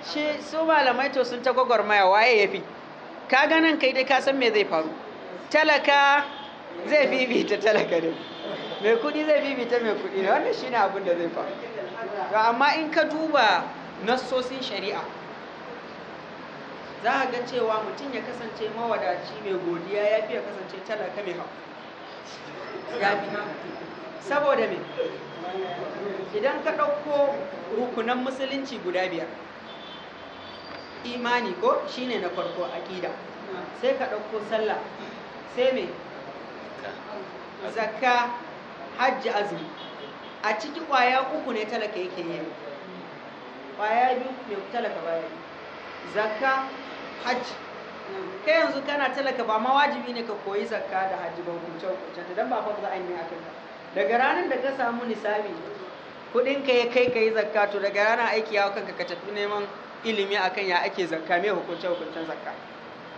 shi su malamai to sun tagogwar maya, waye ya fi ka ganin kai dai ka san me zai faru talaka zai bibita talaka ne mai kudi zai bibita mai kudi ne wannan shine abin da zai faru Ga amma in ka duba nassosin shari'a za a ga cewa mutum ya kasance mawadaci mai godiya ya fi kasance talaka mai hau ya fi saboda me idan ka ɗauko rukunan musulunci guda biyar imani ko shine na farko aƙida sai ka ɗauko sallah sai me zakka hajji azumi a ciki kwaya uku ne talaka yake yi kwaya biyu ne talaka baya zakka hajji kai yanzu kana talaka ba ma wajibi ne ka koyi zakka da hajji ba hukunce hukunce dan ba fa za a yi ne akan daga ranar da ka samu nisabi kudin ka ya kai ka yi zakka to daga ranar aiki ya kanka ka tafi neman ilimi akan ya ake zakka me hukunce hukuncen zakka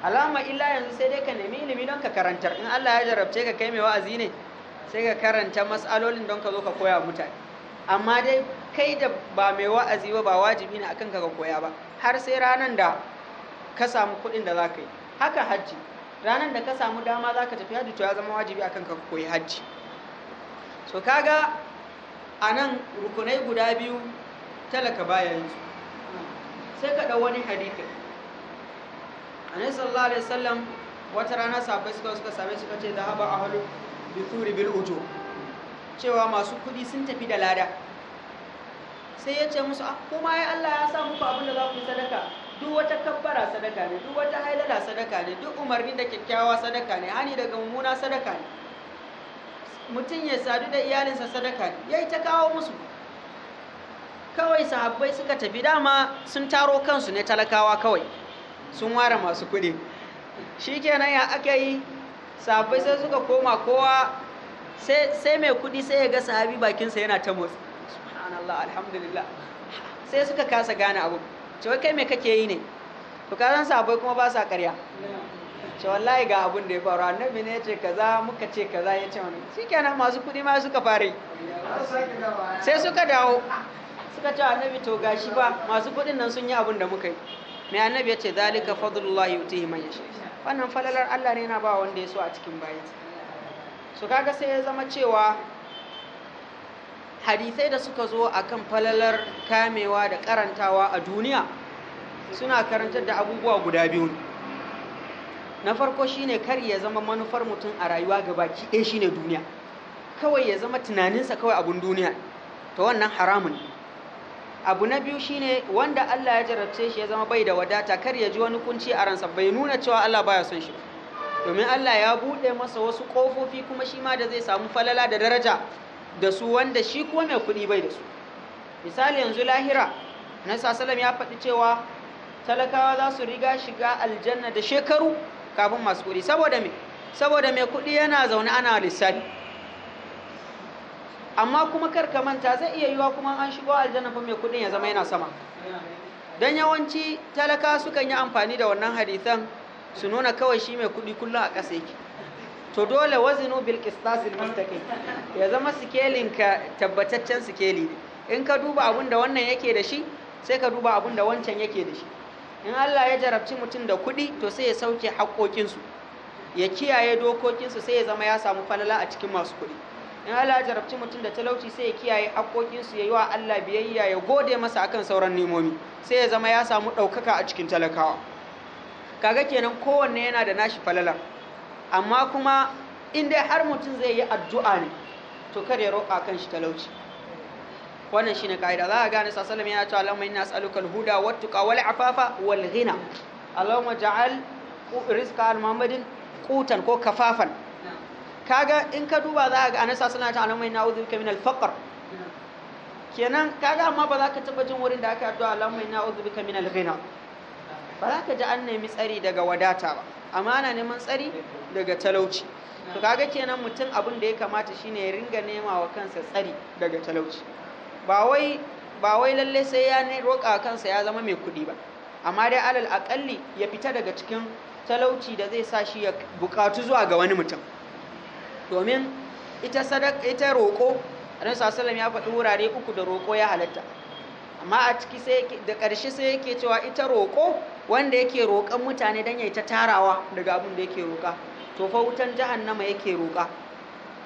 alama illa yanzu sai dai ka nemi ilimi don ka karantar in Allah ya jarabce ka kai mai wa'azi ne sai ka karanta mas'alolin don ka zo ka koya mutane amma dai kai da ba mai wa'azi ba ba wajibi ne akan ka ka koya ba har sai ranan da ka samu kuɗin da za ka yi haka hajji ranan da ka samu dama za ka tafi hajji to ya zama wajibi akan ka koyi hajji so kaga a nan rukunai guda biyu talaka bayan su sai ka ɗau wani hadithin annabi sallallahu alaihi wasallam wata rana sahabbai suka suka same suka ce da haba ahlu bi thuri bil ujo cewa masu kudi sun tafi da lada sai ya ce musu ah kuma ai Allah ya sa muku abin da za ku sadaka duk wata kabbara sadaka ne duk wata hailala sadaka ne duk umarni da kyakkyawa sadaka ne hani daga mummuna sadaka ne mutum ya sadu da iyalinsa sadaka ne yayi ta kawo musu kawai sahabbai suka tafi dama sun taro kansu ne talakawa kawai sun ware masu kuɗi nan ya aka yi sahabbai sai suka koma kowa sai mai kuɗi sai ya ga sahabi bakinsa yana ta motsi subhanallah alhamdulillah sai suka kasa gane abu cewa kai mai kake yi ne to ka san sahabbai kuma ba sa ƙarya ce wallahi ga abin da ya faru annabi ne ya ce kaza muka ce kaza ya ce wani shikenan masu kuɗi ma suka fare sai suka dawo suka ce annabi to gashi ba masu kuɗin nan sun yi abin da muka yi mai annabi ya ce zalika fadlullahi yutihi man yasha wannan falalar Allah ne yana ba wanda ya so a cikin bayansa so kaga sai ya zama cewa hadisai da suka zo akan falalar kamewa da karantawa a duniya suna karantar da abubuwa guda biyu na farko shine kar ya zama manufar mutum a rayuwa gabaki ɗaya shine duniya kawai ya zama tunaninsa kawai abun duniya Ta wannan haramun ne abu na biyu shine wanda Allah ya jarabce shi ya zama bai da wadata kar ya ji wani kunci a ransa bai nuna cewa Allah baya son shi domin Allah ya bude masa wasu kofofi kuma shi ma da zai samu falala da daraja da su wanda shi kuma mai kuɗi bai da su misali yanzu lahira na sasalam ya faɗi cewa talakawa za su riga shiga aljanna da shekaru kafin masu kuɗi saboda me saboda mai kuɗi yana zaune ana lissafi amma kuma kar ka manta zai iya yiwa kuma an shigo aljanna fa mai kudin ya zama yana sama dan yawanci talaka sukan yi amfani da wannan hadisan su nuna kawai shi mai kudi kullum a ƙasa yake to dole wazinu bil qistasil mustaqim ya zama sikelin ka tabbataccen sikeli ne in ka duba abun da wannan yake da shi sai ka duba abun da wancan yake da shi in Allah ya jarabci mutum da kudi to sai ya sauke haƙoƙinsu ya kiyaye dokokinsu sai ya zama ya samu falala a cikin masu kudi in Allah ya jarabci mutum da talauci sai ya kiyaye haƙoƙinsu ya yi wa Allah biyayya ya gode masa akan sauran nemomi sai ya zama ya samu ɗaukaka a cikin talakawa kaga kenan kowanne yana da nashi falala amma kuma in dai har mutum zai yi addu'a ne to kada ya roƙa kan shi talauci wannan shine kaida za a gane sallallahu yana cewa Allahumma inna as'aluka al-huda wat-tuqa wal-afafa wal-ghina Allahumma ja'al rizqa al-muhammadin qutan ko kafafan kaga in ka duba za ga anasa suna ta alamai na uzu bika minal alfaqr kenan kaga amma ba za ka taba jin wurin da aka addu'a alamai na uzu bika minal alghina ba za ka ji an nemi tsari daga wadata ba amma ana neman tsari daga talauci to kaga kenan mutum abin da ya kamata shine ya ringa nema wa kansa tsari daga talauci ba wai ba lalle sai ya ne roƙa kansa ya zama mai kuɗi ba amma dai alal aƙalli ya fita daga cikin talauci da zai sa shi ya buƙatu zuwa ga wani mutum domin ita sadaka ita roƙo annabi sallallahu ya faɗi wurare uku da roko ya halatta amma a ciki sai da ƙarshe sai yake cewa ita roƙo wanda yake roƙan mutane dan yayi ta tarawa daga abin da yake roka to fa wutan jahannama yake roka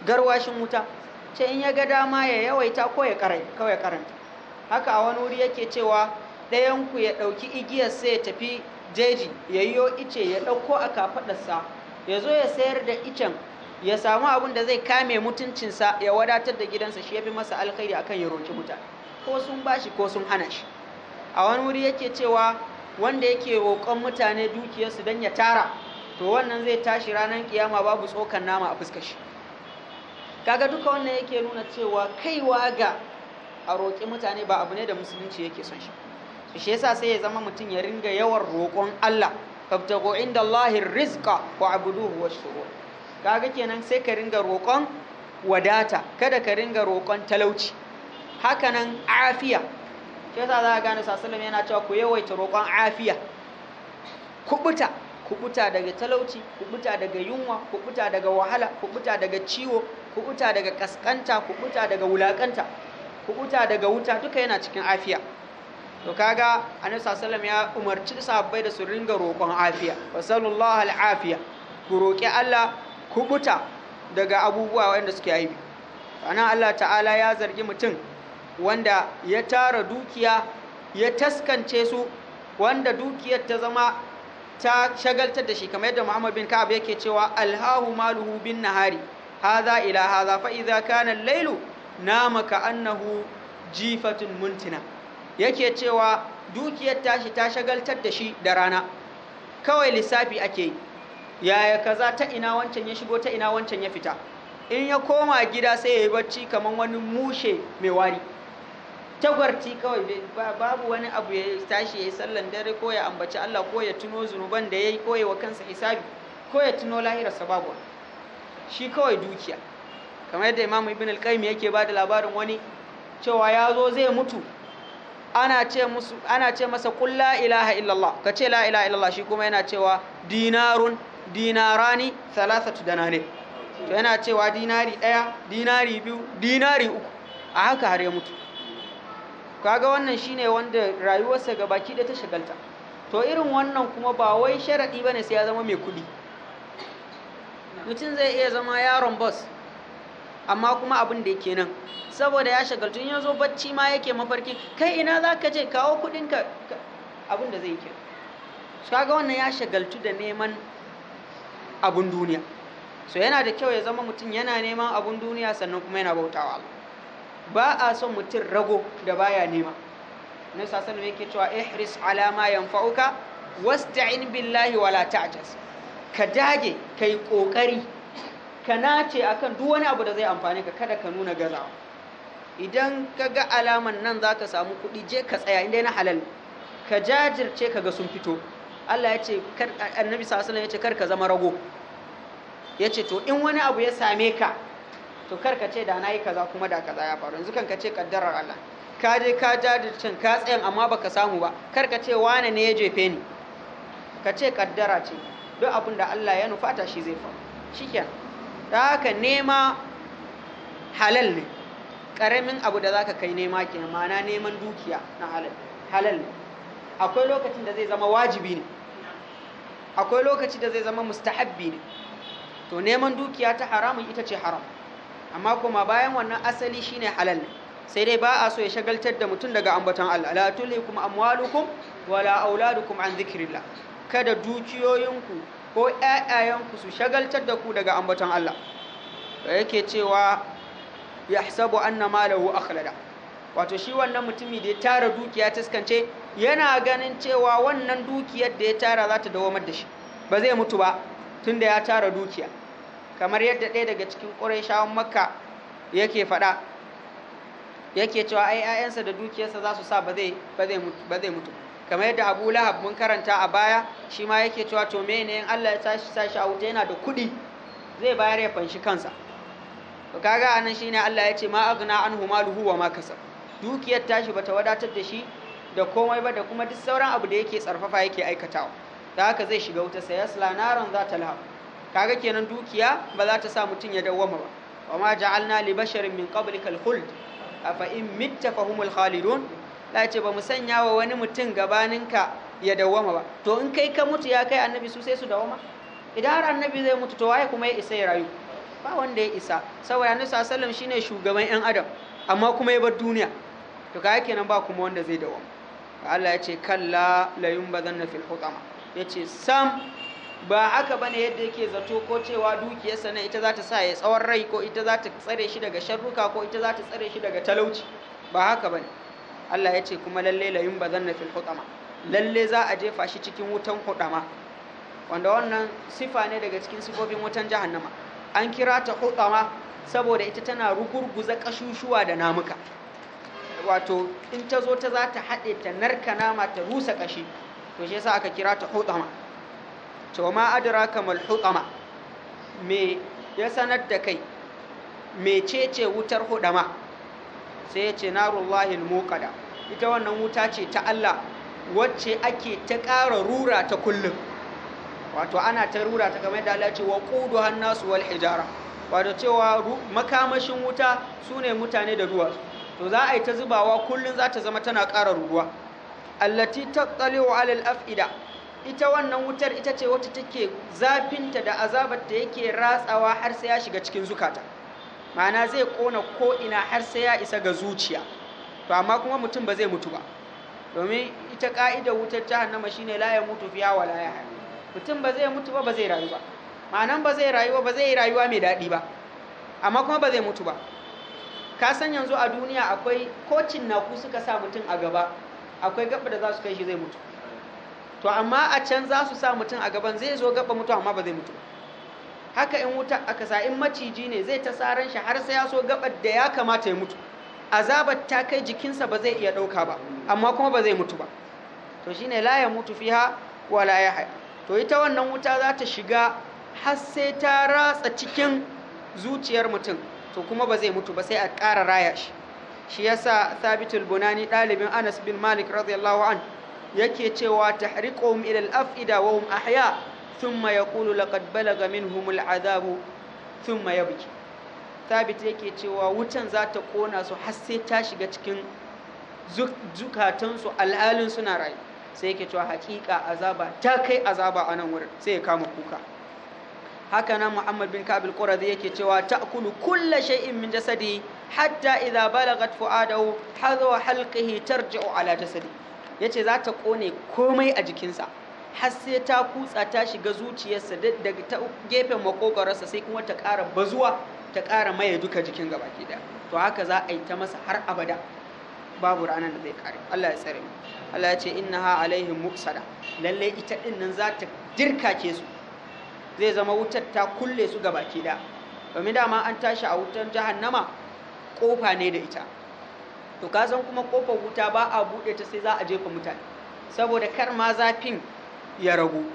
garwashin wuta ce in ya ga dama ya yawaita ko ya karai kawai karanta haka a wani wuri yake cewa ɗayan ku ya ɗauki igiyar sai ya tafi jeji yayyo ice ya ɗauko a kafaɗarsa ya zo ya sayar da icen ya samu abin da zai kame mutuncinsa ya wadatar da gidansa shi ya fi masa alkhairi akan ya roki mutane ko sun bashi ko sun hana shi a wani wuri yake cewa wanda yake roƙon mutane dukiyarsu don ya tara to wannan zai tashi ranar kiyama babu tsokan nama a fuska shi kaga duka wannan yake nuna cewa kaiwa ga a roƙi mutane ba abu ne da musulunci yake son shi su shi yasa sai ya zama mutum ya ringa yawan roƙon Allah fabtago inda Allahin rizqa wa abuduhu kaga kenan sai ka ringa roƙon wadata kada ka ringa roƙon talauci hakanan afiya shi yasa za ka gane sallallahu yana cewa ku yawaita roƙon afiya kubuta kubuta daga talauci kubuta daga yunwa kubuta daga wahala kubuta daga ciwo kubuta daga kaskanta kubuta daga wulakanta kubuta daga wuta duka yana cikin afiya to kaga annabi sallallahu ya umarci sahabbai da su ringa roƙon afiya wa sallallahu ku roƙi Allah kubuta daga abubuwa wanda suke aibi ana Allah ta'ala ya zargi mutum wanda ya tara dukiya ya taskance su wanda dukiyar ta zama ta shagaltar da shi kamar yadda Muhammad bin Ka'ab yake cewa alhahu maluhu bin nahari hadha ila hadha fa idza kana al-lailu nama ka annahu jifatun muntina yake cewa dukiyar tashi ta shagaltar da shi da rana kawai lissafi ake yi yaya kaza ta ina wancan ya shigo ta ina wancan ya fita in ya koma gida sai ya yi bacci kamar wani mushe mai wari tagwarti kawai babu wani abu ya tashi ya yi sallan dare ko ya ambaci Allah ko ya tuno zunuban da ya yi ko ya wa kansa hisabi ko ya tuno lahirarsa babu shi kawai dukiya kamar yadda imamu ibn al yake ba da labarin wani cewa ya zo zai mutu ana ce masa kulla ilaha illallah ka ce la ilaha illallah shi kuma yana cewa dinarun dinarani salasatu danane to yana cewa dinari ɗaya dinari biyu dinari uku a haka har ya mutu kaga wannan shine wanda rayuwarsa ga baki da ta shagalta to irin wannan kuma ba wai sharaɗi bane sai ya zama mai kuɗi mutum zai iya zama yaron bus amma kuma abin da yake nan saboda ya shagaltu in yazo bacci ma yake mafarki kai ina zaka je kawo kuɗinka abin da zai yi kaga wannan ya shagaltu da neman abun duniya so yana da kyau ya zama mutum yana neman abun duniya sannan kuma yana bautawa ba a son mutum rago da baya nema na sasan yake cewa ihris alama yanfa'uka wasta'in billahi wala ta'jaz ka dage kai kokari ka nace akan duk wani abu da zai amfane ka kada ka nuna gazawa idan ka ga alaman nan za ka samu kuɗi je ka tsaya inda na halal ka jajirce ka ga sun fito Allah ya ce annabi sasana ya ce kar ka zama rago ya ce to in wani abu ya same ka to kar ka ce da na yi kaza kuma da kaza ya faru zukan ka ce kaddarar Allah ka je ka can ka tsayan amma baka samu ba kar ka ce wane ne ya jefe ni ka ce kaddara ce duk abin da Allah ya nufata shi zai faru shikenan da haka nema halal ne karamin abu da zaka kai nema kenan ma'ana neman dukiya na halal halal ne akwai lokacin da zai zama wajibi ne akwai lokaci da zai zama mustahabbi ne to neman dukiya ta haramun ita ce haram amma kuma bayan wannan asali shine halal ne sai dai ba a so ya shagaltar da mutum daga ambaton Allah la tulhikum amwalukum wala auladukum an dhikrillah kada dukiyoyinku ko ayayanku su shagaltar da ku daga ambaton Allah da yake cewa yahsabu anna malahu akhlada wato shi wannan mutumi da ya tara dukiya ta taskance yana ganin cewa wannan dukiyar da ya tara za ta dawamar da shi ba zai mutu ba tun da ya tara dukiya kamar yadda ɗaya daga cikin ƙurayshawan makka yake faɗa yake cewa ai ƴaƴansa da dukiyarsa za su sa ba zai mutu kamar yadda Abu Lahab mun karanta a baya shi ma yake cewa to me ne Allah ya tashi sashi a wuta yana da kuɗi zai bayar ya fanshi kansa to kaga anan shine Allah ya ce ma an huma luhu wa ma kasab dukiyar tashi bata wadatar da shi da komai ba da kuma duk sauran abu da yake tsarfafa yake aikatawa da haka zai shiga wuta sai yasla naran za ta lahab kaga kenan dukiya ba za ta sa mutum ya dawwama ba wa ma ja'alna li basharin min qablika al-khuld afa in mitta fahumul khalidun la ce ba mu sanya wa wani mutum ka ya dawwama ba to in kai ka mutu ya kai annabi su sai su dawwama idan har annabi zai mutu to waye kuma ya isa ya rayu ba wanda ya isa saboda annabi sallallahu alaihi wasallam shine shugaban yan adam amma kuma ya bar duniya to kaga kenan ba kuma wanda zai dawwama Allah ya ce kalla layun ba zanna fil hutama ya ce sam ba haka bane yadda yake zato ko cewa dukiyarsa na ita za ta sa ya tsawon rai ko ita za ta tsare shi daga sharruka ko ita za ta tsare shi daga talauci ba haka ba ne Allah ya ce kuma lalle layun ba zanna fil hutama lalle za a jefa shi cikin wutan hutama wanda wannan sifa ne daga cikin sifofin wutan jahannama an kira ta hutama saboda ita tana rugurguza kashushuwa da namuka wato in ta zo ta za ta haɗe ta narka nama ta rusa ƙashi to shi yasa aka kira ta hutama to ma adira kamar hutama me ya sanar da kai me ce wutar hudama sai ya ce narullahi muqada ita wannan wuta ce ta Allah wacce ake ta ƙara rura ta kullum wato ana ta rura ta kamar da Allah ce wa hannasu wal hijara wato cewa makamashin wuta su ne mutane da duwatsu to za a yi ta zubawa kullum za ta zama tana ƙara ruwa allati wa alal afida ita wannan wutar ita ce wata take zafinta da azabarta yake ratsawa har sai ya shiga cikin zukata ma'ana zai kona ko'ina har sai ya isa ga zuciya to amma kuma mutum ba zai mutu ba domin ita ka'idar wutar jahannama shine la ya mutu fiya wala ya hayyu mutum ba zai mutu ba ba zai rayu ba ma'anan ba zai rayu ba zai rayuwa mai daɗi ba amma kuma ba zai mutu ba ka san yanzu a duniya akwai kocin ku suka sa mutum a gaba akwai gaba da za su kai shi zai mutu to amma a can za su sa mutum a gaban zai zo gaba mutu amma ba zai mutu haka in wuta aka sa in maciji ne zai ta saran shi har sai ya so gaba da ya kamata ya mutu azabar ta kai jikinsa ba zai iya ɗauka ba amma kuma ba zai mutu ba to shi ne ya mutu fiha wa la haya to ita wannan wuta za ta shiga har sai ta ratsa cikin zuciyar mutum to kuma ba zai mutu ba sai a ƙara raya shi shi yasa thabitul bunani ɗalibin anas bin malik radiyallahu an yake cewa tahriquhum ila al-afida wa hum ahya thumma yaqulu laqad balaga minhum al-adhabu thumma yabki thabit yake cewa wutan za ta kona su har sai ta shiga cikin zukatansu alhalin suna rayu sai yake cewa haƙiƙa azaba ta kai azaba a nan wurin sai ya kama kuka haka nan muhammad bin kabil quradi yake cewa ta'kulu kulla shay'in min jasadi hatta idza balagat fu'adahu hadha halqihi tarji'u ala jasadi yace za ta kone komai a jikinsa har sai ta kutsa ta shiga zuciyarsa daga ta gefen makogarsa sai kuma ta ƙara bazuwa ta ƙara maye duka jikin gaba ke to haka za a yi ta masa har abada babu ranar da zai kare Allah ya tsare mu Allah ya ce innaha alaihim muqsada lalle ita din nan za ta dirka ke su zai zama wutar ta kulle su gaba da domin dama an tashi a wutar jahannama kofa ne da ita to ka san kuma kofar wuta ba a buɗe ta sai za a jefa mutane saboda kar ma zafin ya ragu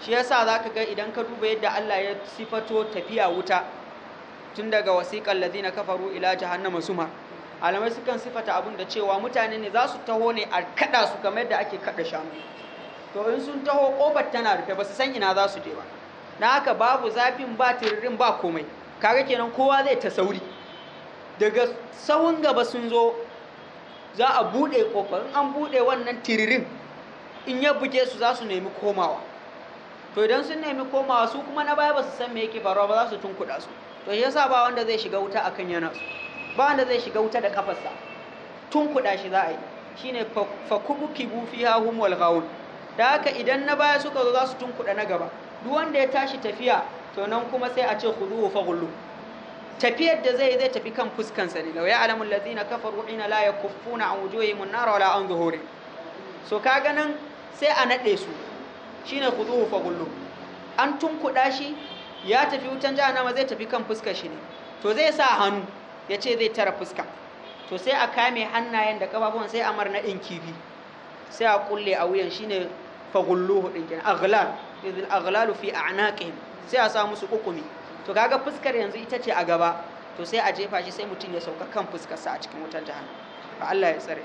shi yasa ka ga idan ka duba yadda Allah ya sifato tafiya wuta tun daga wasiqal ladina kafaru ila jahannama suma alamai sukan sifata abun da cewa mutane ne za su taho ne a kada su kamar yadda ake kaɗa shanu to in sun taho ƙofar tana rufe ba su san ina za su je ba na haka babu zafin ba tiririn ba komai kaga kenan kowa zai ta sauri daga tsawon gaba sun zo za a buɗe in an buɗe wannan tiririn in ya buge su za su nemi komawa to idan sun nemi komawa su kuma na baya ba su san me yake faruwa ba za su tunkuɗa su to shi yasa ba wanda zai shiga wuta akan yana su ba wanda zai shiga wuta da kafarsa tunkuɗa shi za a yi shine fa kubu kibu fiha hum wal da haka idan na baya suka zo za su tunkuɗa na gaba duk wanda ya tashi tafiya to nan kuma sai a ce khuduhu fa ghullu tafiyar da zai zai tafi kan sa ne law ya'lamul ladina kafaru ina la yakuffuna an wujuhihim an-nar wala an zuhuri so kaga nan sai a nade su shine khuduhu fa ghullu an tunkuda shi ya tafi wutan jahannama zai tafi kan fuskar shi ne to zai sa hannu ya ce zai tara fuska to sai a kame hannayen da kafafuwan sai a marna ɗin kifi sai a kulle a wuyan shine fagulluhu ɗin kenan aghlal idil aghlalu fi a'naqihim sai a sa musu kukumi to kaga fuskar yanzu ita ce a gaba to sai a jefa shi sai mutum ya sauka kan fuskar sa a cikin wutar jahannam fa Allah ya tsare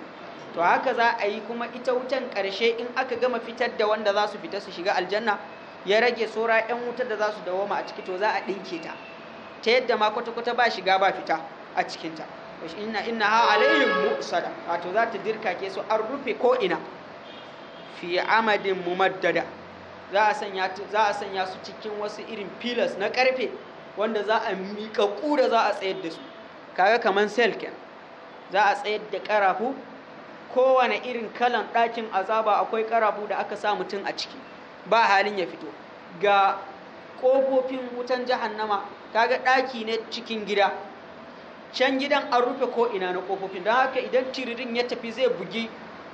to haka za a yi kuma ita wutan karshe in aka gama fitar da wanda za su fita su shiga aljanna ya rage sora yan wutar da za su dawoma a ciki to za a dinke ta ta yadda ma kwata-kwata ba shiga ba fita a cikin ta inna inna ha alayhim musada wato za ta dirka ke su an rufe ko ina fi amadin mumaddada za a sanya su cikin wasu irin pillars na ƙarfe wanda za a miƙa ƙura za a tsayar da su kaga kaman cell ken za a tsayar da ƙarafu kowane irin kalan ɗakin azaba akwai ƙarafu da aka sa mutum a ciki ba halin ya fito ga ƙofofin wutan jahannama kaga ɗaki na cikin gida can gidan an rufe ko ina na ƙofofin don haka idan tiririn ya tafi zai bugi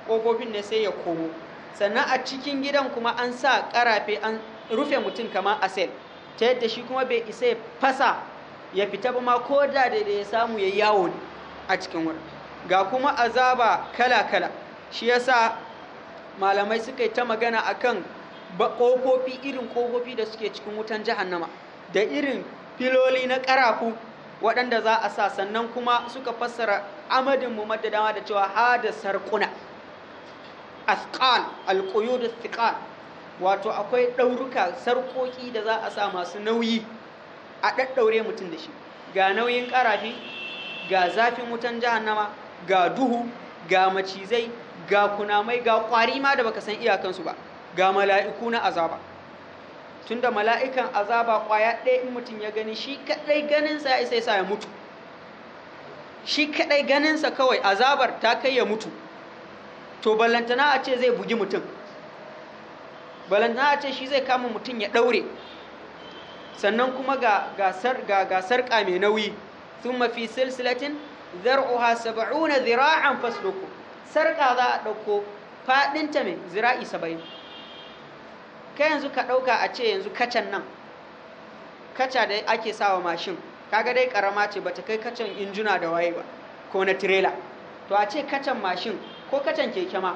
ƙofofin ne sai ya komo sannan a cikin gidan kuma an sa karafe an rufe mutum kamar asel ta yadda shi kuma bai isa fasa ya fita ba ma ko da da ya samu ya yawo a cikin wurin ga kuma azaba kala-kala shi yasa malamai suka yi ta magana akan kofofi irin kofofi da suke cikin wutan jahannama da irin filoli na ƙarafu waɗanda za a sa sannan kuma suka fassara amadin mu da dama da cewa hada sarƙuna asqal alquyud athiqal wato akwai dauruka sarkoki da za a sa masu nauyi a daddaure mutum da shi ga nauyin karafi ga zafin wutan jahannama ga duhu ga macizai ga kunamai ga kwari ma da baka san iyakansu ba ga mala'iku na azaba tunda mala'ikan azaba kwaya ɗaya in mutum ya gani shi kadai ganinsa ya isa ya mutu shi kadai ganinsa kawai azabar ta kai ya mutu to ballantana a ce zai bugi mutum ballantana a ce shi zai kama mutum ya ɗaure sannan kuma ga gasar mai nauyi sun mafi silsilatin zar'uha saba'una zira'an fasluku sarƙa za a ɗauko faɗinta mai zira'i saba'in ka yanzu ka ɗauka a ce yanzu kacan nan kaca da ake sawa mashin kaga dai ƙarama ce ba ta kai kacan injuna da waye ba ko na tirela to a ce kacan mashin ko kacan keke ma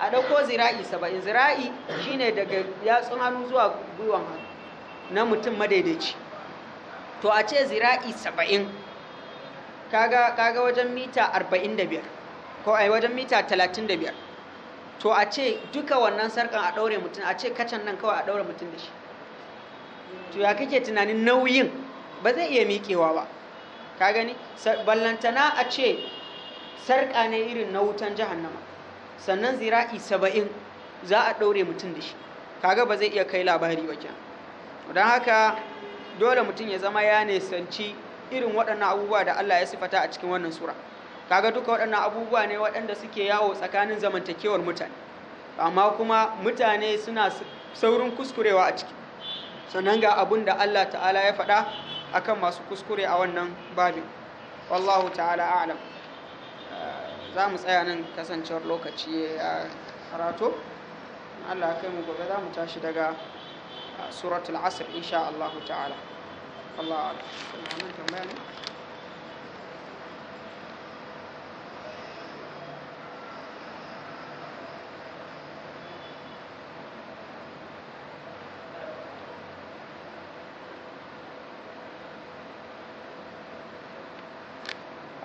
a ɗauko zira'i saba'in zira'i shine daga yatsun hannu zuwa gwiwan hannu na mutum madaidaici to a ce zira'i saba'in kaga, kaga wajen mita arba'in da biyar ko ai wajen mita talatin da biyar to a ce duka wannan sarkan a ɗaure mutum a ce kacan nan kawai a ɗaure mutum da shi to ya kake tunanin nauyin ba zai iya miƙewa ba ka gani ballantana a ce sarƙa ne irin na wutan jahannama sannan zira'i saba'in za a ɗaure mutum da shi kaga ba zai iya kai labari ba kyan don haka dole mutum ya zama ya nisanci irin waɗannan abubuwa da Allah ya sifata a cikin wannan sura kaga duka waɗannan abubuwa ne waɗanda suke yawo tsakanin zamantakewar mutane amma kuma mutane suna saurin kuskurewa a ciki sannan ga abun da Allah ta'ala ya faɗa akan masu kuskure a wannan babin wallahu ta'ala a'lam za mu tsaya nan kasancewar lokaci ya harato Allah kai mu gobe za mu tashi daga ah, suratul asr insha Allah ta'ala Allah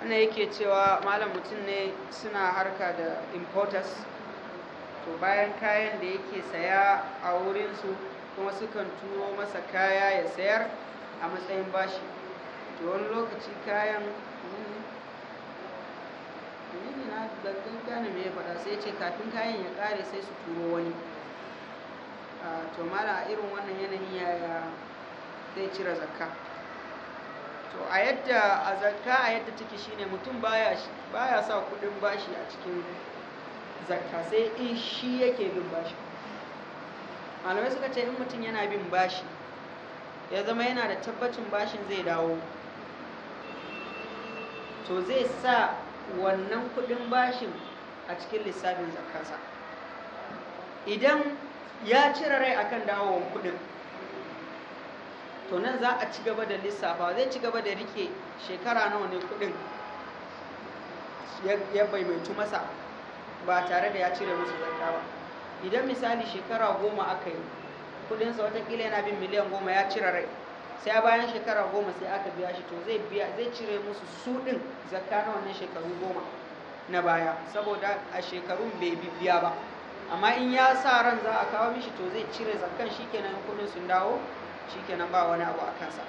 wannan yake cewa malam mutum ne suna harka da importers to bayan kayan da yake saya a wurinsu kuma sukan turo masa kaya ya sayar a matsayin bashi to wani lokaci kayan ne na gane me mai faɗa sai ce kafin kayan ya kare sai su turo wani ah, to mara a irin wannan yanayin yaya zai cire zakka to a yadda a zakka a yadda take shine mutum baya baya sa kudin bashi a cikin zakka sai in shi yake bin bashi malamai suka ce in mutum yana bin bashi ya zama yana da tabbacin bashin zai dawo to zai sa wannan kudin bashin a cikin lissafin zakkansa idan ya cire rai akan dawowar kudin to nan za a ci gaba da lissafa zai ci gaba da rike shekara nawa ne kudin ya baimaitu masa ba tare da ya cire musu zakka ba idan misali shekara goma aka yi kudinsa watakila yana bin miliyan goma ya cire rai sai bayan shekara goma sai aka biya shi to zai biya zai cire musu suɗin din zakka na wannan shekaru goma na baya saboda a shekarun bai biya ba amma in ya sa ran za a kawo mishi to zai cire shi kenan kudin sun dawo shikenan ba wani abu a kansa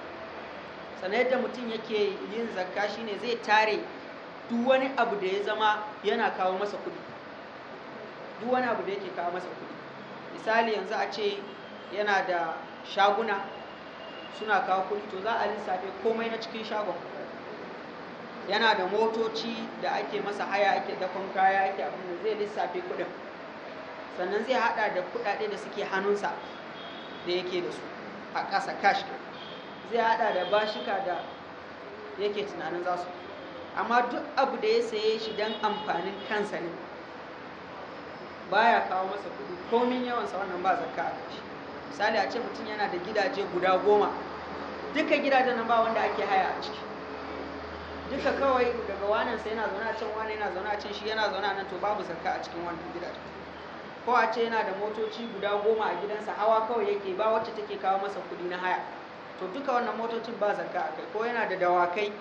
sannan yadda mutum yake yin zakka shine zai tare duk wani abu da ya zama yana kawo masa kuɗi duk wani abu da yake kawo masa kuɗi misali yanzu a ce yana da shaguna suna kawo kuɗi to za a lissafe komai na cikin shagon yana da motoci da ake masa haya ake dakon kaya ake abin da, zai lissafe kuɗin sannan zai hada da kuɗaɗe da suke hannunsa da yake da su a ƙasa cash zai hada da bashika da yake tunanin za su amma duk abu da ya saye shi don amfanin kansa ne ba ya kawo masa kudu komin yawansa wannan ba zakka a kashi misali a ce mutum yana da gidaje guda goma duka gidajen nan ba wanda ake haya a ciki duka kawai daga wanansa yana zaune a can wani yana zaune a can shi yana zaune a nan to babu zakka a cikin wannan gidajen ko a ce yana da motoci guda goma a gidansa hawa kawai yake ba wacce take kawo masa kuɗi na haya to duka wannan motocin ba zakka a kai ko yana da dawakai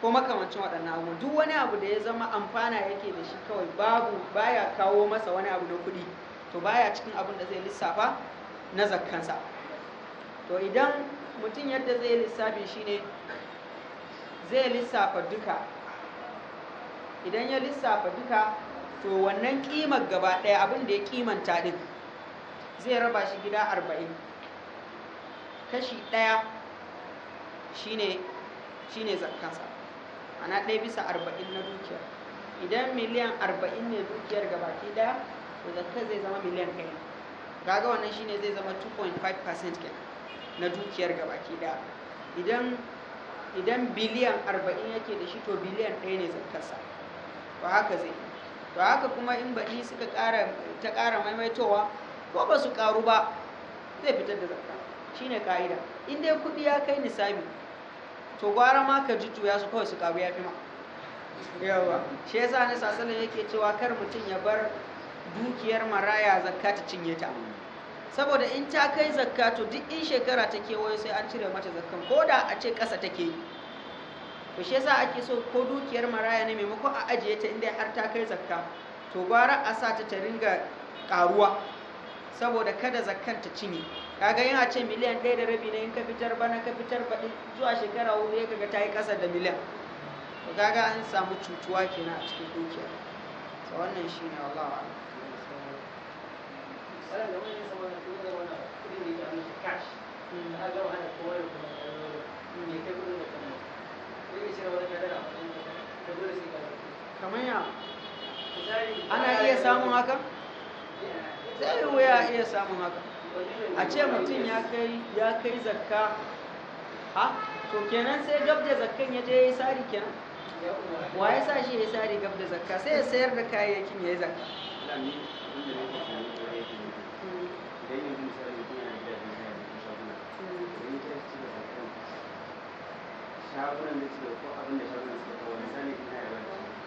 ko makamancin waɗannan abu duk wani abu da ya zama amfana yake da shi kawai babu baya kawo masa wani abu na kuɗi to baya cikin abin da zai lissafa na zakkansa to idan mutum yadda zai lissafi shine zai lissafa duka idan ya lissafa duka to wannan kimar gaba ɗaya abin da ya kimanta din zai raba shi gida arba'in kashi ɗaya shi ne zakkansa ana ɗaya bisa arba'in na dukiyar idan miliyan arba'in ne dukiyar gabaki ɗaya to zakka zai zama miliyan ɗaya kaga wannan shi ne zai zama 2.5% kenan na dukiyar gabaki ɗaya idan idan biliyan arba'in yake da shi to biliyan ɗaya ne zakkarsa ba haka zai yi to haka kuma in baɗi suka ƙara ta ƙara maimaitowa ko ba su ƙaru ba zai fitar da zakka ne ka'ida in dai kuɗi ya kai nisabi to gwara ma ka ya su kawai su ƙaru ya fi ma yawa shi sa ne sasalin yake cewa kar mutum ya bar dukiyar maraya zakka ta cinye ta saboda in ta kai zakka to duk in shekara ta kewaye sai an cire mata zakkan ko da a ce ƙasa take yi to shi yasa ake so ko dukiyar maraya ne maimako a ajiye ta inda har ta kai zakka to gwara a sa ta ringa karuwa saboda kada zakkan ta cinye kaga yana ce miliyan ɗaya da rabi ne in ka fitar bana ka fitar baɗi zuwa shekara hudu ya kaga ta yi ƙasa da miliyan to kaga an samu cutuwa kenan a cikin dukiya to wannan shi ne wallahu a'lam Kamanya ana iya samun haka zai wuya iya samun haka a ce mutum ya kai ya kai zakka ha to kenan sai gab da zakkan ya je ya yi sari kenan wa ya sa shi ya yi sari gab da zakka sai ya sayar da kayayyakin ya yi zakka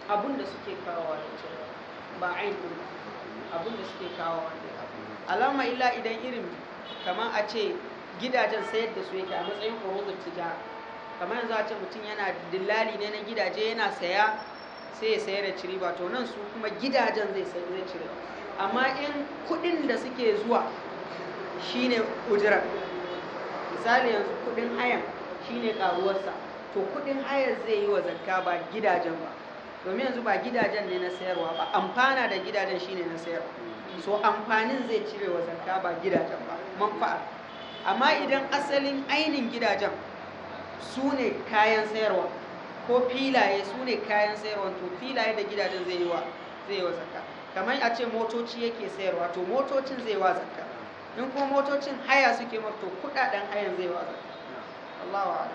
abin da suke kawo kawowa da cewa ba ainihin abin da suke kawowa da alama illa idan irin kamar a ce gidajen sayar da su yake a matsayin ƙwarozar tijara kamar yanzu a ce mutum yana dillali ne na gidaje yana saya sai ya sayar da ciri ba to nan su kuma gidajen zai sayar da ciri amma in kudin da suke zuwa shine ujirar misali yanzu kuɗin hayan shine karuwarsa. to kudin hayar zai yi wa zakka ba gidajen ba domin yanzu ba gidajen ne na sayarwa ba amfana da gidajen shine na sayarwa so amfanin zai cire wa zakka ba gidajen ba manfa'a amma idan asalin ainin gidajen su ne kayan sayarwa ko filaye su ne kayan sayarwa to filaye da gidajen zai yi wa zai yi wa zakka kamar a ce motoci yake sayarwa to motocin zai wa zakka in kuma motocin haya suke mar to kudaden hayan zai wa zakka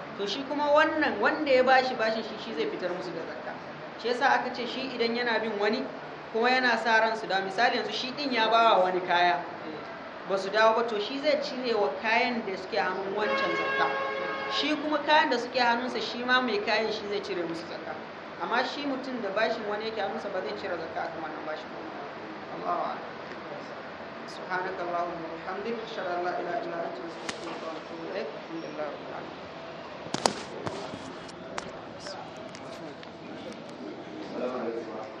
to shi kuma wannan wanda ya bashi bashin shi shi zai fitar musu da zakka shi yasa aka ce shi idan yana bin wani kuma yana sa ran su da misali yanzu shi din ya bawa wani kaya ba su dawo ba to shi zai cire wa kayan da suke hannun wancan zakka shi kuma kayan da suke hannunsa shi ma mai kayan shi zai cire musu zakka amma shi mutum da bashin wani yake hannunsa ba zai cire zakka kuma nan bashin ba Allahu سبحانك اللهم وبحمدك اشهد ان لا اله الا انت استغفرك واتوب اليك الحمد لله رب العالمين Thank you.